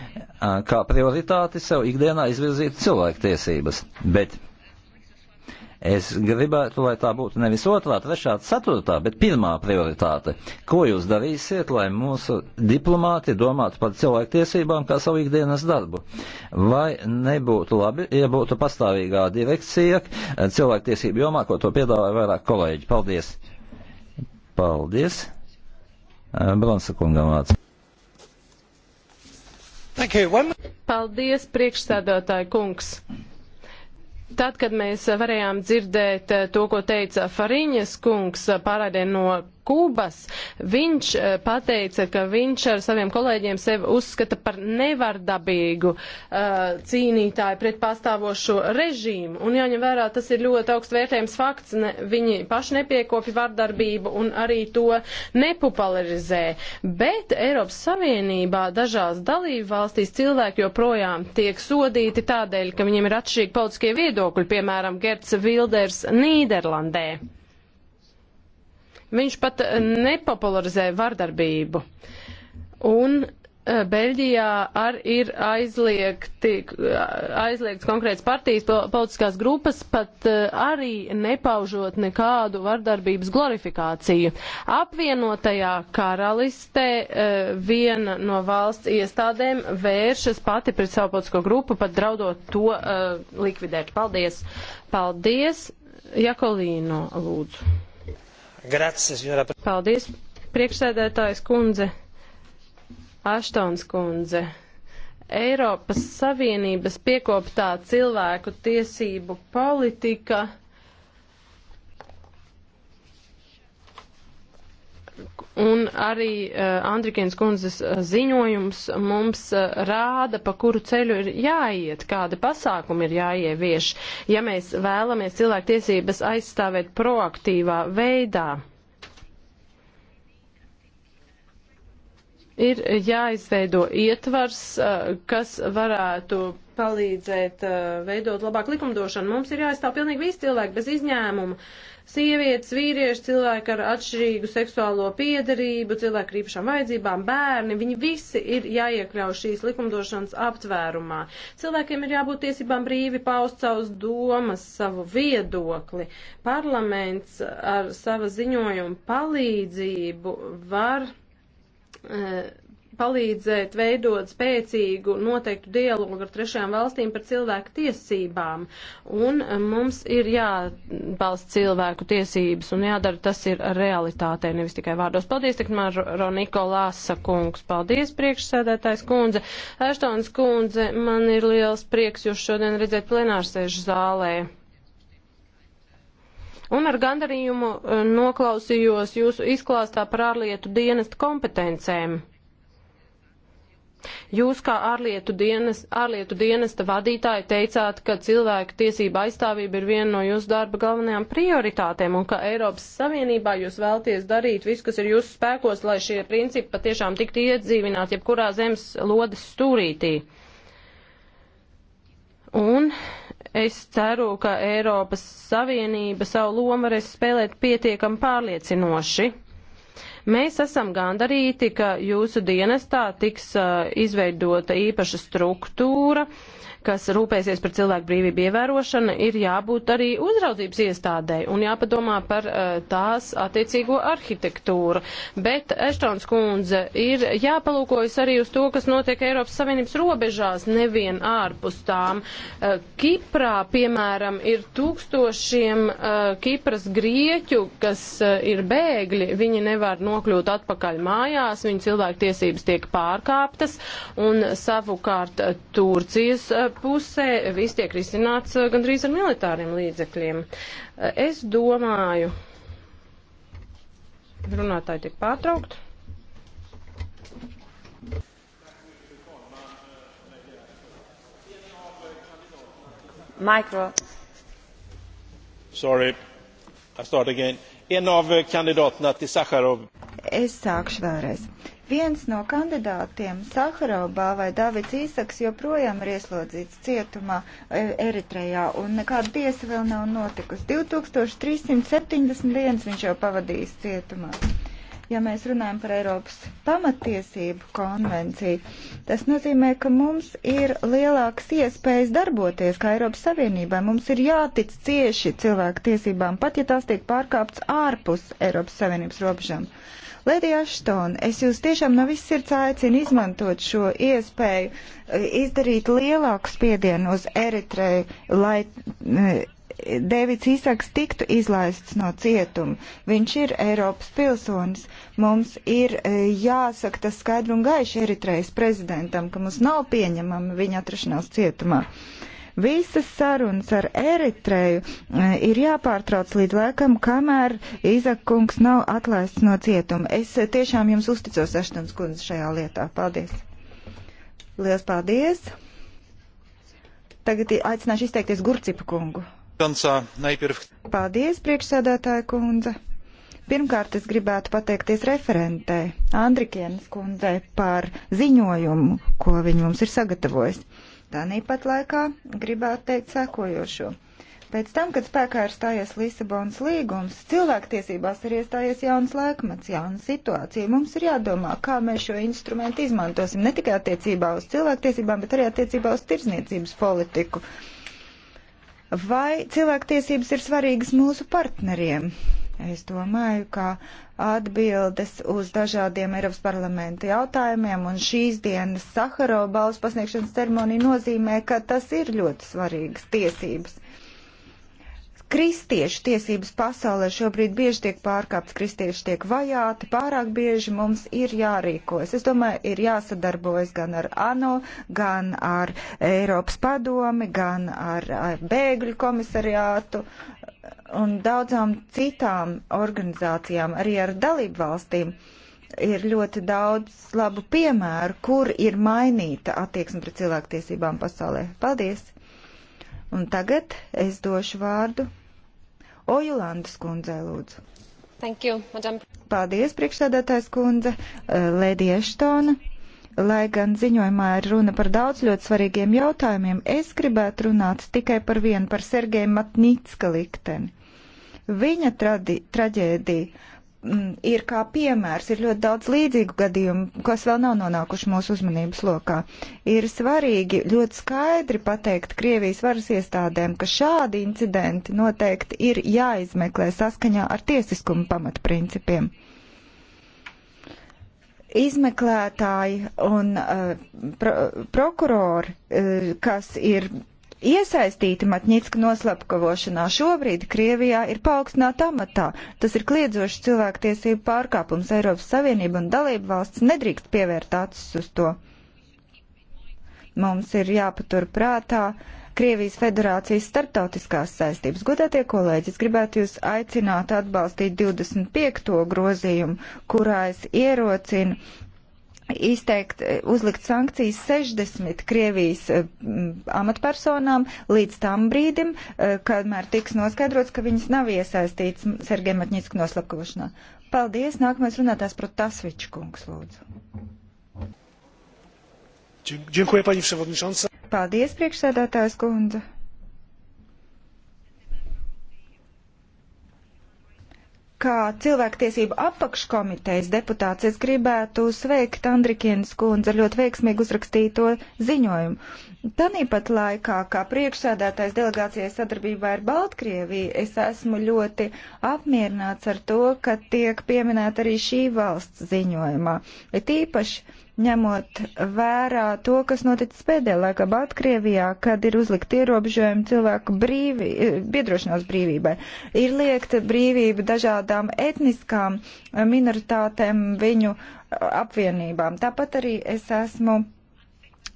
kā prioritāti sev ikdienā izvirzīt cilvēktiesības. Bet Es gribētu, lai tā būtu nevis otrā, trešā, ceturtā, bet pirmā prioritāte. Ko jūs darīsiet, lai mūsu diplomāti domātu par cilvēktiesībām kā savu ikdienas darbu? Vai nebūtu labi, ja būtu pastāvīgā direkcija cilvēktiesību jomā, ko to piedāvāja vairāk kolēģi? Paldies! Paldies! Bronsa kungam vārds. Paldies, priekšsēdētāji kungs. Tad, kad mēs varējām dzirdēt eh, to, ko teica Fariņas kungs eh, pārādē no Kubas, viņš eh, pateica, ka viņš ar saviem kolēģiem sevi uzskata par nevardabīgu uh, cīnītāju pret pastāvošo režīmu. Un jāņem vērā, tas ir ļoti augsts vērtējums fakts. Ne, viņi paši nepiekopja vardarbību un arī to nepopularizē. Bet Eiropas Savienībā dažās dalību valstīs cilvēki joprojām tiek sodīti tādēļ, ka viņiem ir atšķirīgi politiskie viedokļi, piemēram, Gerts Vilders Nīderlandē. Viņš pat eh, nepopularizē vardarbību. Un eh, Beļģijā arī ir aizliegti, aizliegts konkrēts partijas politiskās grupas, pat eh, arī nepaužot nekādu vardarbības glorifikāciju. Apvienotajā karalistē viena no valsts iestādēm vēršas pati pret savu politisko grupu, pat draudot to likvidēt. Paldies! Paldies, Jakolīno, lūdzu! Grazie, signora. Paldies, priekšsēdētājs kundze, Aštons kundze. Eiropas Savienības piekoptā cilvēku tiesību politika Un arī uh, eh, Andrikienas kundzes eh, ziņojums mums uh, rāda, pa kuru ceļu ir jāiet, kāda pasākuma ir jāievieš, ja mēs vēlamies cilvēktiesības aizstāvēt proaktīvā veidā. ir jāizveido ietvars, kas varētu palīdzēt veidot labāku likumdošanu. Mums ir jāizstāv pilnīgi visi cilvēki bez izņēmuma. Sievietes, vīrieši, cilvēki ar atšķirīgu seksuālo piedarību, cilvēki ar īpašām vajadzībām, bērni, viņi visi ir jāiekļauj šīs likumdošanas aptvērumā. Cilvēkiem ir jābūt tiesībām brīvi paust savus domas, savu viedokli. Parlaments ar sava ziņojuma palīdzību var E, palīdzēt veidot spēcīgu noteiktu dialogu ar trešajām valstīm par cilvēku tiesībām. Un e, mums ir jābalsta cilvēku tiesības un jādara tas ir realitātei, nevis tikai vārdos. Paldies, tikmēr Roniko Lāsa kungs. Paldies, priekšsēdētājs kundze. Eštons kundze, man ir liels prieks jūs šodien redzēt plenārsēžu zālē un ar gandarījumu eh, noklausījos jūsu izklāstā par ārlietu dienestu kompetencēm. Jūs kā ārlietu, dienas, ārlietu dienesta vadītāji teicāt, ka cilvēku tiesība aizstāvība ir viena no jūsu darba galvenajām prioritātēm un ka Eiropas Savienībā jūs vēlties darīt visu, kas ir jūsu spēkos, lai šie principi patiešām tiktu iedzīvināti jebkurā zemes lodes stūrītī. Un es ceru, ka Eiropas Savienība savu lomu varēs spēlēt pietiekam pārliecinoši. Mēs esam gandarīti, ka jūsu dienestā tiks uh, izveidota īpaša struktūra, uh, kas rūpēsies par cilvēku brīvību ievērošanu, ir jābūt arī uzraudzības iestādē un jāpadomā par uh, tās attiecīgo arhitektūru. Bet, Eštons kundze, ir jāpalūkojas arī uz to, kas notiek Eiropas Savienības robežās, nevien ārpus tām. Uh, Kiprā, piemēram, ir tūkstošiem uh, Kipras grieķu, kas uh, ir bēgļi, viņi nevar nokļūt atpakaļ mājās, viņu cilvēku tiesības tiek pārkāptas un savukārt Turcijas pusē viss tiek risināts eh, gandrīz ar militāriem līdzekļiem. Eh, es domāju, runātāji tiek pārtraukti. en av kandidaterna till Sacharov. Es sākšu vēlreiz. Viens no kandidātiem, Saharovā vai Davids Īsaks, joprojām ir ieslodzīts cietumā e, Eritrejā, un nekāda tiesa vēl nav notikusi. 2370 dienas viņš jau pavadījis cietumā ja mēs runājam par Eiropas pamatiesību konvenciju, tas nozīmē, ka mums ir lielākas iespējas darboties kā Eiropas Savienībai. Mums ir jātic cieši cilvēku tiesībām, pat ja tās tiek pārkāptas ārpus Eiropas Savienības robežām. Lēdija Aštona, es jūs tiešām no viss sirds aicinu izmantot šo iespēju, eh, izdarīt lielāku spiedienu uz Eritreju, lai eh, Dēvids Īsāks tiktu izlaists no cietuma. Viņš ir Eiropas pilsonis. Mums ir eh, jāsaka tas skaidri un gaiši Eritrejas prezidentam, ka mums nav pieņemama viņa atrašanās cietumā. Uh, Visas sarunas ar Eritreju e, ir jāpārtrauc līdz laikam, kamēr Izakungs nav atlaists no cietuma. Es e, tiešām jums uzticos, Eštons kundze, šajā lietā. Paldies! Lielas paldies! Tagad aicināšu izteikties Gurcipa kungu. Paldies, priekšsēdētāja kundze! Pirmkārt, es gribētu pateikties referentē Andrikienas kundzei par ziņojumu, ko viņa mums ir sagatavojis. Tāpat laikā gribētu teikt sekojošo. Pēc tam, kad spēkā ir stājies Lisabonas līgums, cilvēktiesībās ir iestājies jauns laikmets, jauna situācija. Mums ir jādomā, kā mēs šo instrumentu izmantosim ne tikai attiecībā uz cilvēktiesībām, bet arī attiecībā uz tirzniecības politiku. Vai cilvēktiesības ir svarīgas mūsu partneriem? Es domāju, ka atbildes uz dažādiem Eiropas parlamenta jautājumiem, un šīs dienas Saharo balvas pasniegšanas ceremonija nozīmē, ka tas ir ļoti svarīgas tiesības kristiešu tiesības pasaulē šobrīd bieži tiek pārkāptas, kristieši tiek vajāti, pārāk bieži mums ir jārīkojas. Es domāju, ir jāsadarbojas gan ar ANO, gan ar Eiropas padomi, gan ar, ar bēgļu komisariātu un daudzām citām organizācijām, arī ar dalību valstīm. Ir ļoti daudz labu piemēru, kur ir mainīta attieksme pret cilvēktiesībām pasaulē. Paldies! Un tagad es došu vārdu Ojulandas kundzei lūdzu. Thank you, madam. Paldies, priekšsēdētājs kundze, eh, Lēdija Eštona. Lai gan ziņojumā ir runa par daudz ļoti svarīgiem jautājumiem, es gribētu runāt tikai par vienu, par Sergeju Matnīcka likteni. Viņa tradi, traģēdija Mm, ir kā piemērs, ir ļoti daudz līdzīgu gadījumu, kas vēl nav nonākuši mūsu uzmanības lokā. Ir svarīgi ļoti skaidri pateikt Krievijas varas iestādēm, ka šādi incidenti noteikti ir jāizmeklē saskaņā ar tiesiskumu pamatprincipiem. Izmeklētāji un uh, pro prokurori, uh, kas ir iesaistīti Matņitska noslapkavošanā šobrīd Krievijā ir paaugstināta amatā. Tas ir kliedzošs cilvēktiesību pārkāpums Eiropas Savienība un dalību valsts nedrīkst pievērt acis uz to. Mums ir jāpatur prātā. Krievijas federācijas starptautiskās saistības. Godātie kolēģi, es gribētu jūs aicināt atbalstīt 25. grozījumu, kurā es ierocinu izteikt, uzlikt sankcijas 60 Krievijas eh, amatpersonām līdz tam brīdim, eh, kamēr tiks noskaidrots, ka viņas nav iesaistīts Sergiem Matņicku noslapkošanā. Paldies, nākamais runātājs Protasvičs kungs, lūdzu. Paldies, priekšsēdētājs kundze. kā cilvēktiesību apakškomitejas deputāts es gribētu sveikt Andrikienas kundzi ar ļoti veiksmīgi uzrakstīto ziņojumu. Tanīpat laikā, kā priekšsēdētājs delegācijai sadarbībā ar Baltkrieviju, es esmu ļoti apmierināts ar to, ka tiek pieminēta arī šī valsts ziņojumā. Ir tīpaši ņemot vērā to, kas noticis pēdējā laikā Baltkrievijā, kad ir uzlikt ierobežojumi cilvēku brīvi, eh, biedrošanās brīvībai. Ir liekta brīvība dažādām etniskām minoritātēm viņu eh, apvienībām. Tāpat arī es esmu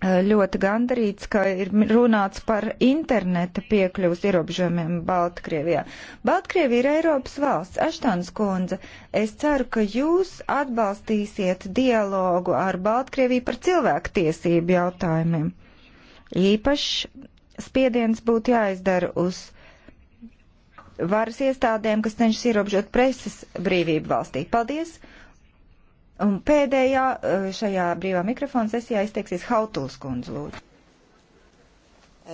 ļoti gandarīts, ka ir runāts par interneta piekļuvas ierobežojumiem Baltkrievijā. Baltkrievija ir Eiropas valsts. Aštāns kundze, es ceru, ka jūs atbalstīsiet dialogu ar Baltkrieviju par cilvēktiesību jautājumiem. Īpašs spiediens būtu jāizdara uz varas iestādēm, kas cenšas ierobežot preses brīvību valstī. Paldies! Un pēdējā eh, šajā brīvā mikrofona sesijā izteiksies Hautuls kundze, lūdzu.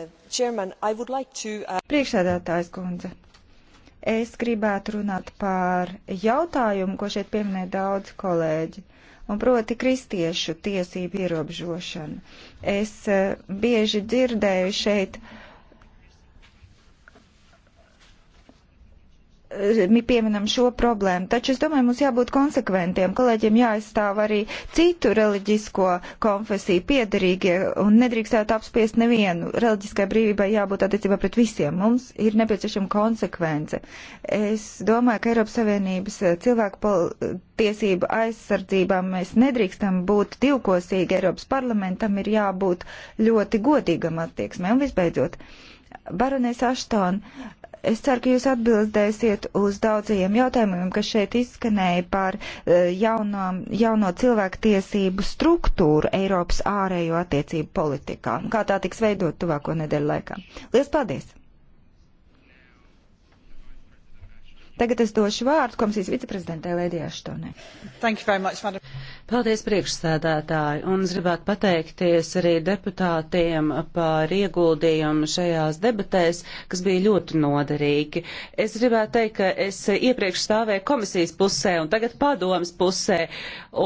Uh, chairman, like to, uh... Priekšsēdētājs kundze, es gribētu runāt par jautājumu, ko šeit pieminē daudz kolēģi, un proti kristiešu tiesību ierobežošanu. Es uh, bieži dzirdēju šeit uh, Eh, mi pieminam šo problēmu. Taču es domāju, mums jābūt konsekventiem. Kolēģiem jāaizstāv arī citu reliģisko konfesiju piedarīgie un nedrīkstētu apspiest nevienu. Reliģiskai brīvībai jābūt attiecībā pret visiem. Mums ir nepieciešama konsekvence. Es domāju, ka Eiropas Savienības eh, cilvēku tiesību aizsardzībām mēs nedrīkstam būt divkosīgi. Eiropas parlamentam ir jābūt ļoti godīgam attieksmē. Un visbeidzot. Baronēs Aštona, Es ceru, ka jūs atbildēsiet uz daudzajiem jautājumiem, kas šeit izskanēja par e, jauno, jauno cilvēku tiesību struktūru Eiropas ārējo attiecību politikā, kā tā tiks veidot tuvāko nedēļu laikā. Lielas paldies! Tagad es došu vārdu komisijas viceprezidentē Lēdijā Štonē. Paldies priekšsēdētāji, un es gribētu pateikties arī deputātiem par ieguldījumu šajās debatēs, kas bija ļoti noderīgi. Es gribētu teikt, ka es iepriekš stāvēju komisijas pusē un tagad padomas pusē,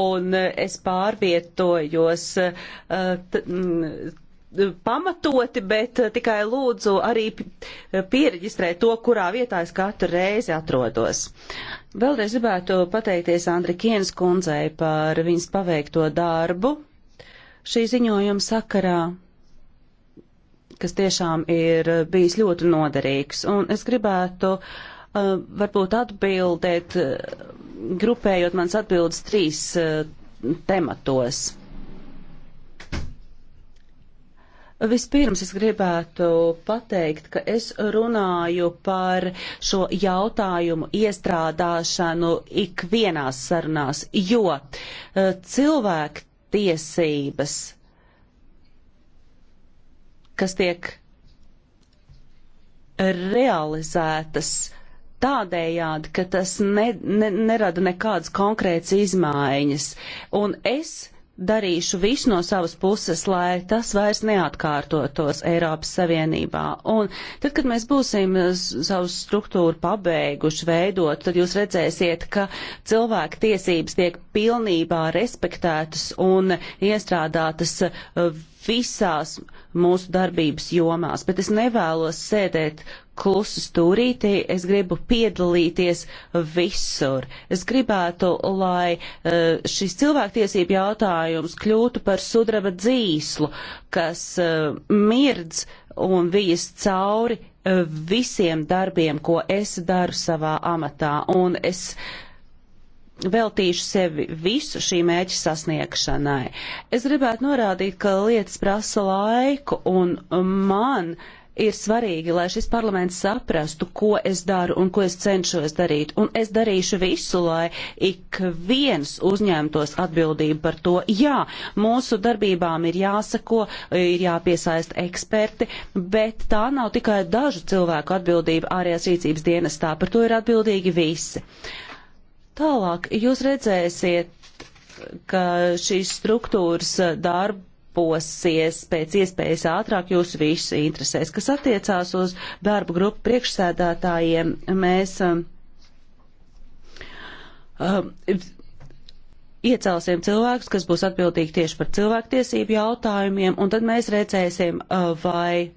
un es pārvietojos. Uh, t, m, pamatoti, bet eh, tikai lūdzu arī eh, pieregistrēt to, kurā vietā es katru reizi atrodos. Vēlreiz gribētu pateikties Andri Kienas kundzei par viņas paveikto darbu šī ziņojuma sakarā, kas tiešām ir bijis ļoti noderīgs. Un es gribētu uh, varbūt atbildēt, grupējot mans atbildes trīs uh, tematos. Vispirms es gribētu pateikt, ka es runāju par šo jautājumu iestrādāšanu ikvienās sarunās, jo eh, cilvēku tiesības, kas tiek realizētas tādējādi, ka tas ne, ne, nerada nekādas konkrētas izmaiņas. Un es darīšu visu no savas puses, lai tas vairs neatkārtotos Eiropas Savienībā. Un tad, kad mēs būsim savu struktūru pabeiguši veidot, tad jūs redzēsiet, ka cilvēku tiesības tiek pilnībā respektētas un iestrādātas uh, visās mūsu darbības jomās. Bet es nevēlos sēdēt klusu stūrītī, es gribu piedalīties visur. Es gribētu, lai e, šis cilvēktiesību jautājums kļūtu par sudraba dzīslu, kas e, mirdz un vijas cauri e, visiem darbiem, ko es daru savā amatā. Un es veltīšu sevi visu šī mēģi sasniegšanai. Es gribētu norādīt, ka lietas prasa laiku, un man uh, ir svarīgi, lai šis parlaments saprastu, ko es daru un ko es cenšos darīt. Un es darīšu visu, lai ik viens uzņemtos atbildību par to. Jā, mūsu darbībām ir jāsako, ir jāpiesaista eksperti, bet tā nav tikai dažu cilvēku atbildība ārējās rīcības dienestā. Par to ir atbildīgi visi. Tālāk jūs redzēsiet, ka šīs struktūras darbu darbosies pēc iespējas ātrāk jūsu visu interesēs. Kas attiecās uz darbu grupu priekšsēdētājiem, mēs um, um, iecelsim cilvēkus, kas būs atbildīgi tieši par cilvēktiesību jautājumiem, un tad mēs redzēsim, uh, vai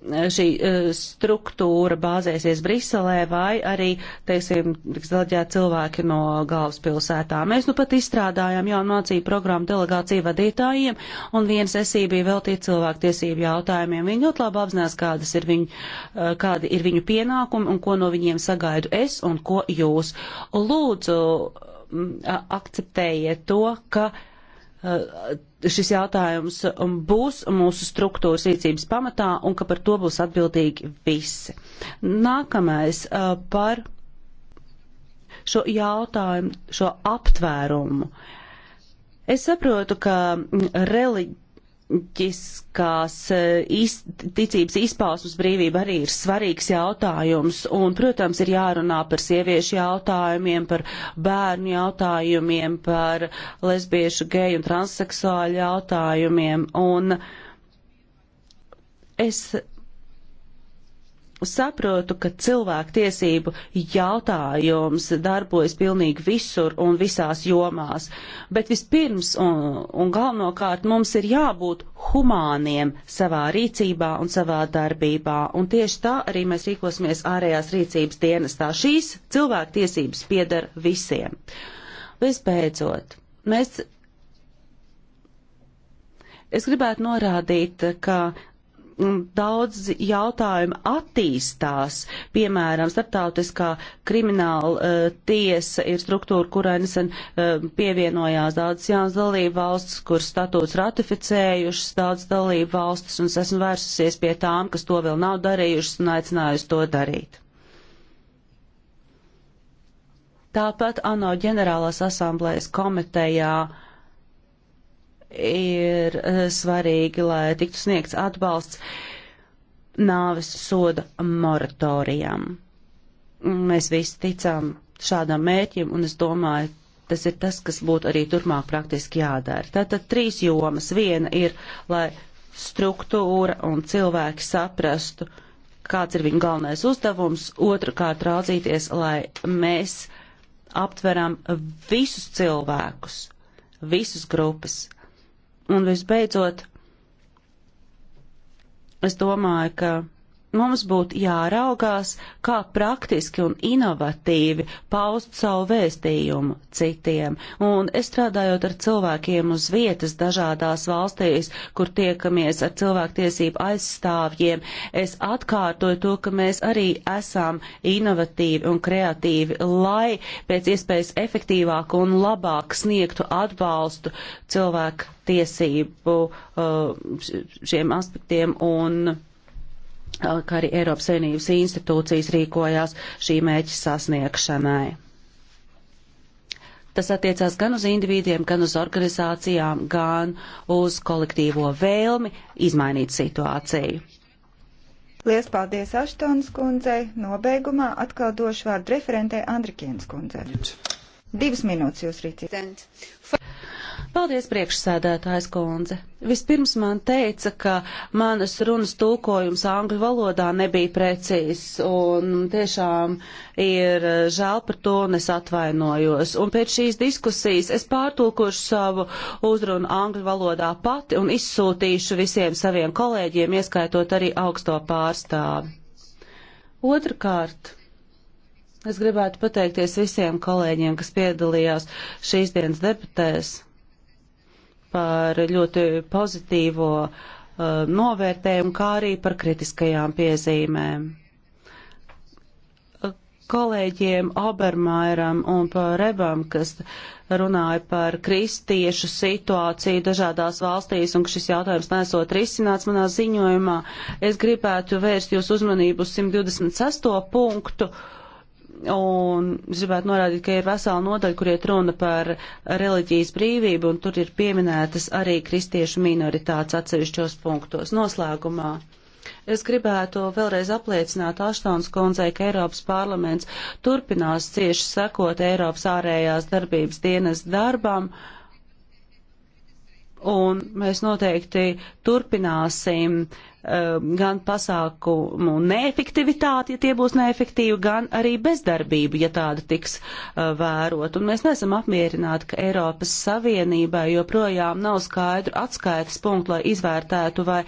Eh, šī eh, struktūra bāzēsies Briselē vai arī, teiksim, deleģēt cilvēki no galvaspilsētām. Mēs nu pat izstrādājām jaunu mācību programmu delegāciju vadītājiem, un viena sesija bija veltīta cilvēktiesību jautājumiem. Viņi ļoti labi apzinās, kādas ir viņu, eh, kādi ir viņu pienākumi un ko no viņiem sagaidu es un ko jūs. Lūdzu, mm, akceptējiet to, ka uh, Eh, šis jautājums būs mūsu struktūras rīcības pamatā un ka par to būs atbildīgi visi. Nākamais eh, par šo jautājumu, šo aptvērumu. Es saprotu, ka reliģija reliģiskās eh, iz, ticības izpausmas brīvība arī ir svarīgs jautājums. Un, protams, ir jārunā par sieviešu jautājumiem, par bērnu jautājumiem, par lesbiešu, geju un transseksuāļu jautājumiem. Un es saprotu, ka cilvēktiesību jautājums darbojas pilnīgi visur un visās jomās, bet vispirms un, un galvenokārt mums ir jābūt humāniem savā rīcībā un savā darbībā, un tieši tā arī mēs rīkosimies ārējās rīcības dienestā. Šīs cilvēktiesības piedara visiem. Visbeidzot, mēs. Es gribētu norādīt, ka daudz jautājumu attīstās. Piemēram, starptautiskā krimināla uh, tiesa ir struktūra, kurai nesen uh, pievienojās daudzas jaunas dalību valstis, kur statūts ratificējušas daudz dalību valstis, un es esmu vērsusies pie tām, kas to vēl nav darījušas un aicinājusi to darīt. Tāpat ANO ģenerālās asamblējas komitejā uh, ir eh, svarīgi, lai tiktu sniegts atbalsts nāves soda moratorijam. Mēs visi ticām šādam mērķim, un es domāju, tas ir tas, kas būtu arī turpmāk praktiski jādara. Tātad trīs jomas. Viena ir, lai struktūra un cilvēki saprastu, kāds ir viņu galvenais uzdevums, otrkārt raudzīties, lai mēs aptveram visus cilvēkus, visus grupas, Un visbeidzot, es domāju, ka mums būtu jāraugās, kā praktiski un inovatīvi paust savu vēstījumu citiem. Un es strādājot ar cilvēkiem uz vietas dažādās valstīs, kur tiekamies ar cilvēktiesību aizstāvjiem, es atkārtoju to, ka mēs arī esam inovatīvi un kreatīvi, lai pēc iespējas efektīvāk un labāk sniegtu atbalstu cilvēku tiesību uh, šiem aspektiem un kā arī Eiropas Savienības institūcijas rīkojās šī mēķa sasniegšanai. Tas attiecās gan uz individiem, gan uz organizācijām, gan uz kolektīvo vēlmi izmainīt situāciju. Lielas paldies Aštons kundzei. Nobeigumā atkal došu vārdu referentē Andrikienas kundzei. Divas minūtes jūs rīcībā. Paldies, priekšsēdētājs kundze. Vispirms man teica, ka manas runas tulkojums angļu valodā nebija precīzs, un tiešām ir eh, žēl par to, un es atvainojos. Un pēc šīs diskusijas es pārtulkošu savu uzrunu angļu valodā pati un izsūtīšu visiem saviem kolēģiem, ieskaitot arī augsto pārstāvi. Otrakārt. Es gribētu pateikties visiem kolēģiem, kas piedalījās šīs dienas debatēs par ļoti pozitīvo uh, novērtējumu, kā arī par kritiskajām piezīmēm. Uh, kolēģiem Obermairam un Rebam, kas runāja par kristiešu situāciju dažādās valstīs un ka šis jautājums nesot risināts manā ziņojumā, es gribētu vērst jūs uzmanību uz 126. punktu, uh, Un es gribētu norādīt, ka ir vesela nodaļa, kur iet runa par reliģijas brīvību, un tur ir pieminētas arī kristiešu minoritātes atsevišķos punktos. Noslēgumā. Es gribētu vēlreiz apliecināt Aštons kundzei, ka Eiropas parlaments turpinās cieši sekot Eiropas ārējās darbības dienas darbam, un mēs noteikti turpināsim uh, Um, gan pasākumu neefektivitāti, ja tie būs neefektīvi, gan arī bezdarbību, ja tāda tiks uh, vērot. Un mēs neesam apmierināti, ka Eiropas Savienībai joprojām nav skaidru atskaites punktu, lai izvērtētu, vai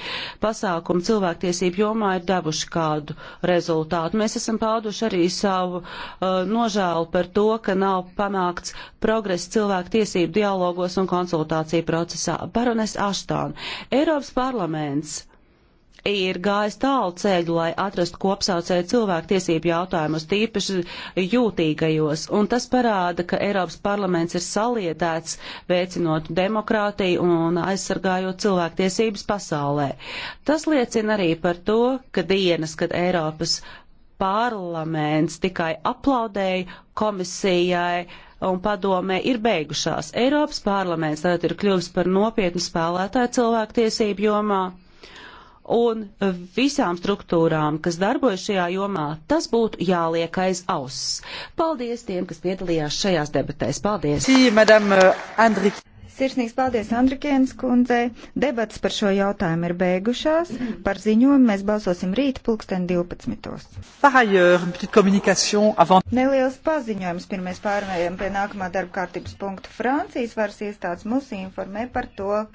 pasākumu cilvēktiesību jomā ir devuši kādu rezultātu. Mēs esam pauduši arī savu uh, nožēlu par to, ka nav panākts progress cilvēktiesību dialogos un konsultāciju procesā. Barones Aštona, Eiropas parlaments ir gājis tālu ceļu, lai atrastu kopsaucēju cilvēktiesību jautājumus, tīpaši jūtīgajos, un tas parāda, ka Eiropas parlaments ir salietēts, veicinot demokrātiju un aizsargājot cilvēktiesības pasaulē. Tas liecina arī par to, ka dienas, kad Eiropas parlaments tikai aplaudēja komisijai, un padomē ir beigušās. Eiropas parlaments tagad ir kļuvis par nopietnu spēlētāju cilvēktiesību jomā un visām struktūrām, kas darbojas šajā jomā, tas būtu jāliek aiz auss. Paldies tiem, kas piedalījās šajās debatēs. Paldies! Uh, Sirsnīgs paldies Andrikienas kundzei. Debats par šo jautājumu ir beigušās. Par ziņojumu mēs balsosim rīt pulksten 12. Neliels paziņojums pirmais pārējiem pie nākamā darba kārtības punktu. Francijas varas iestādes mūs informē par to,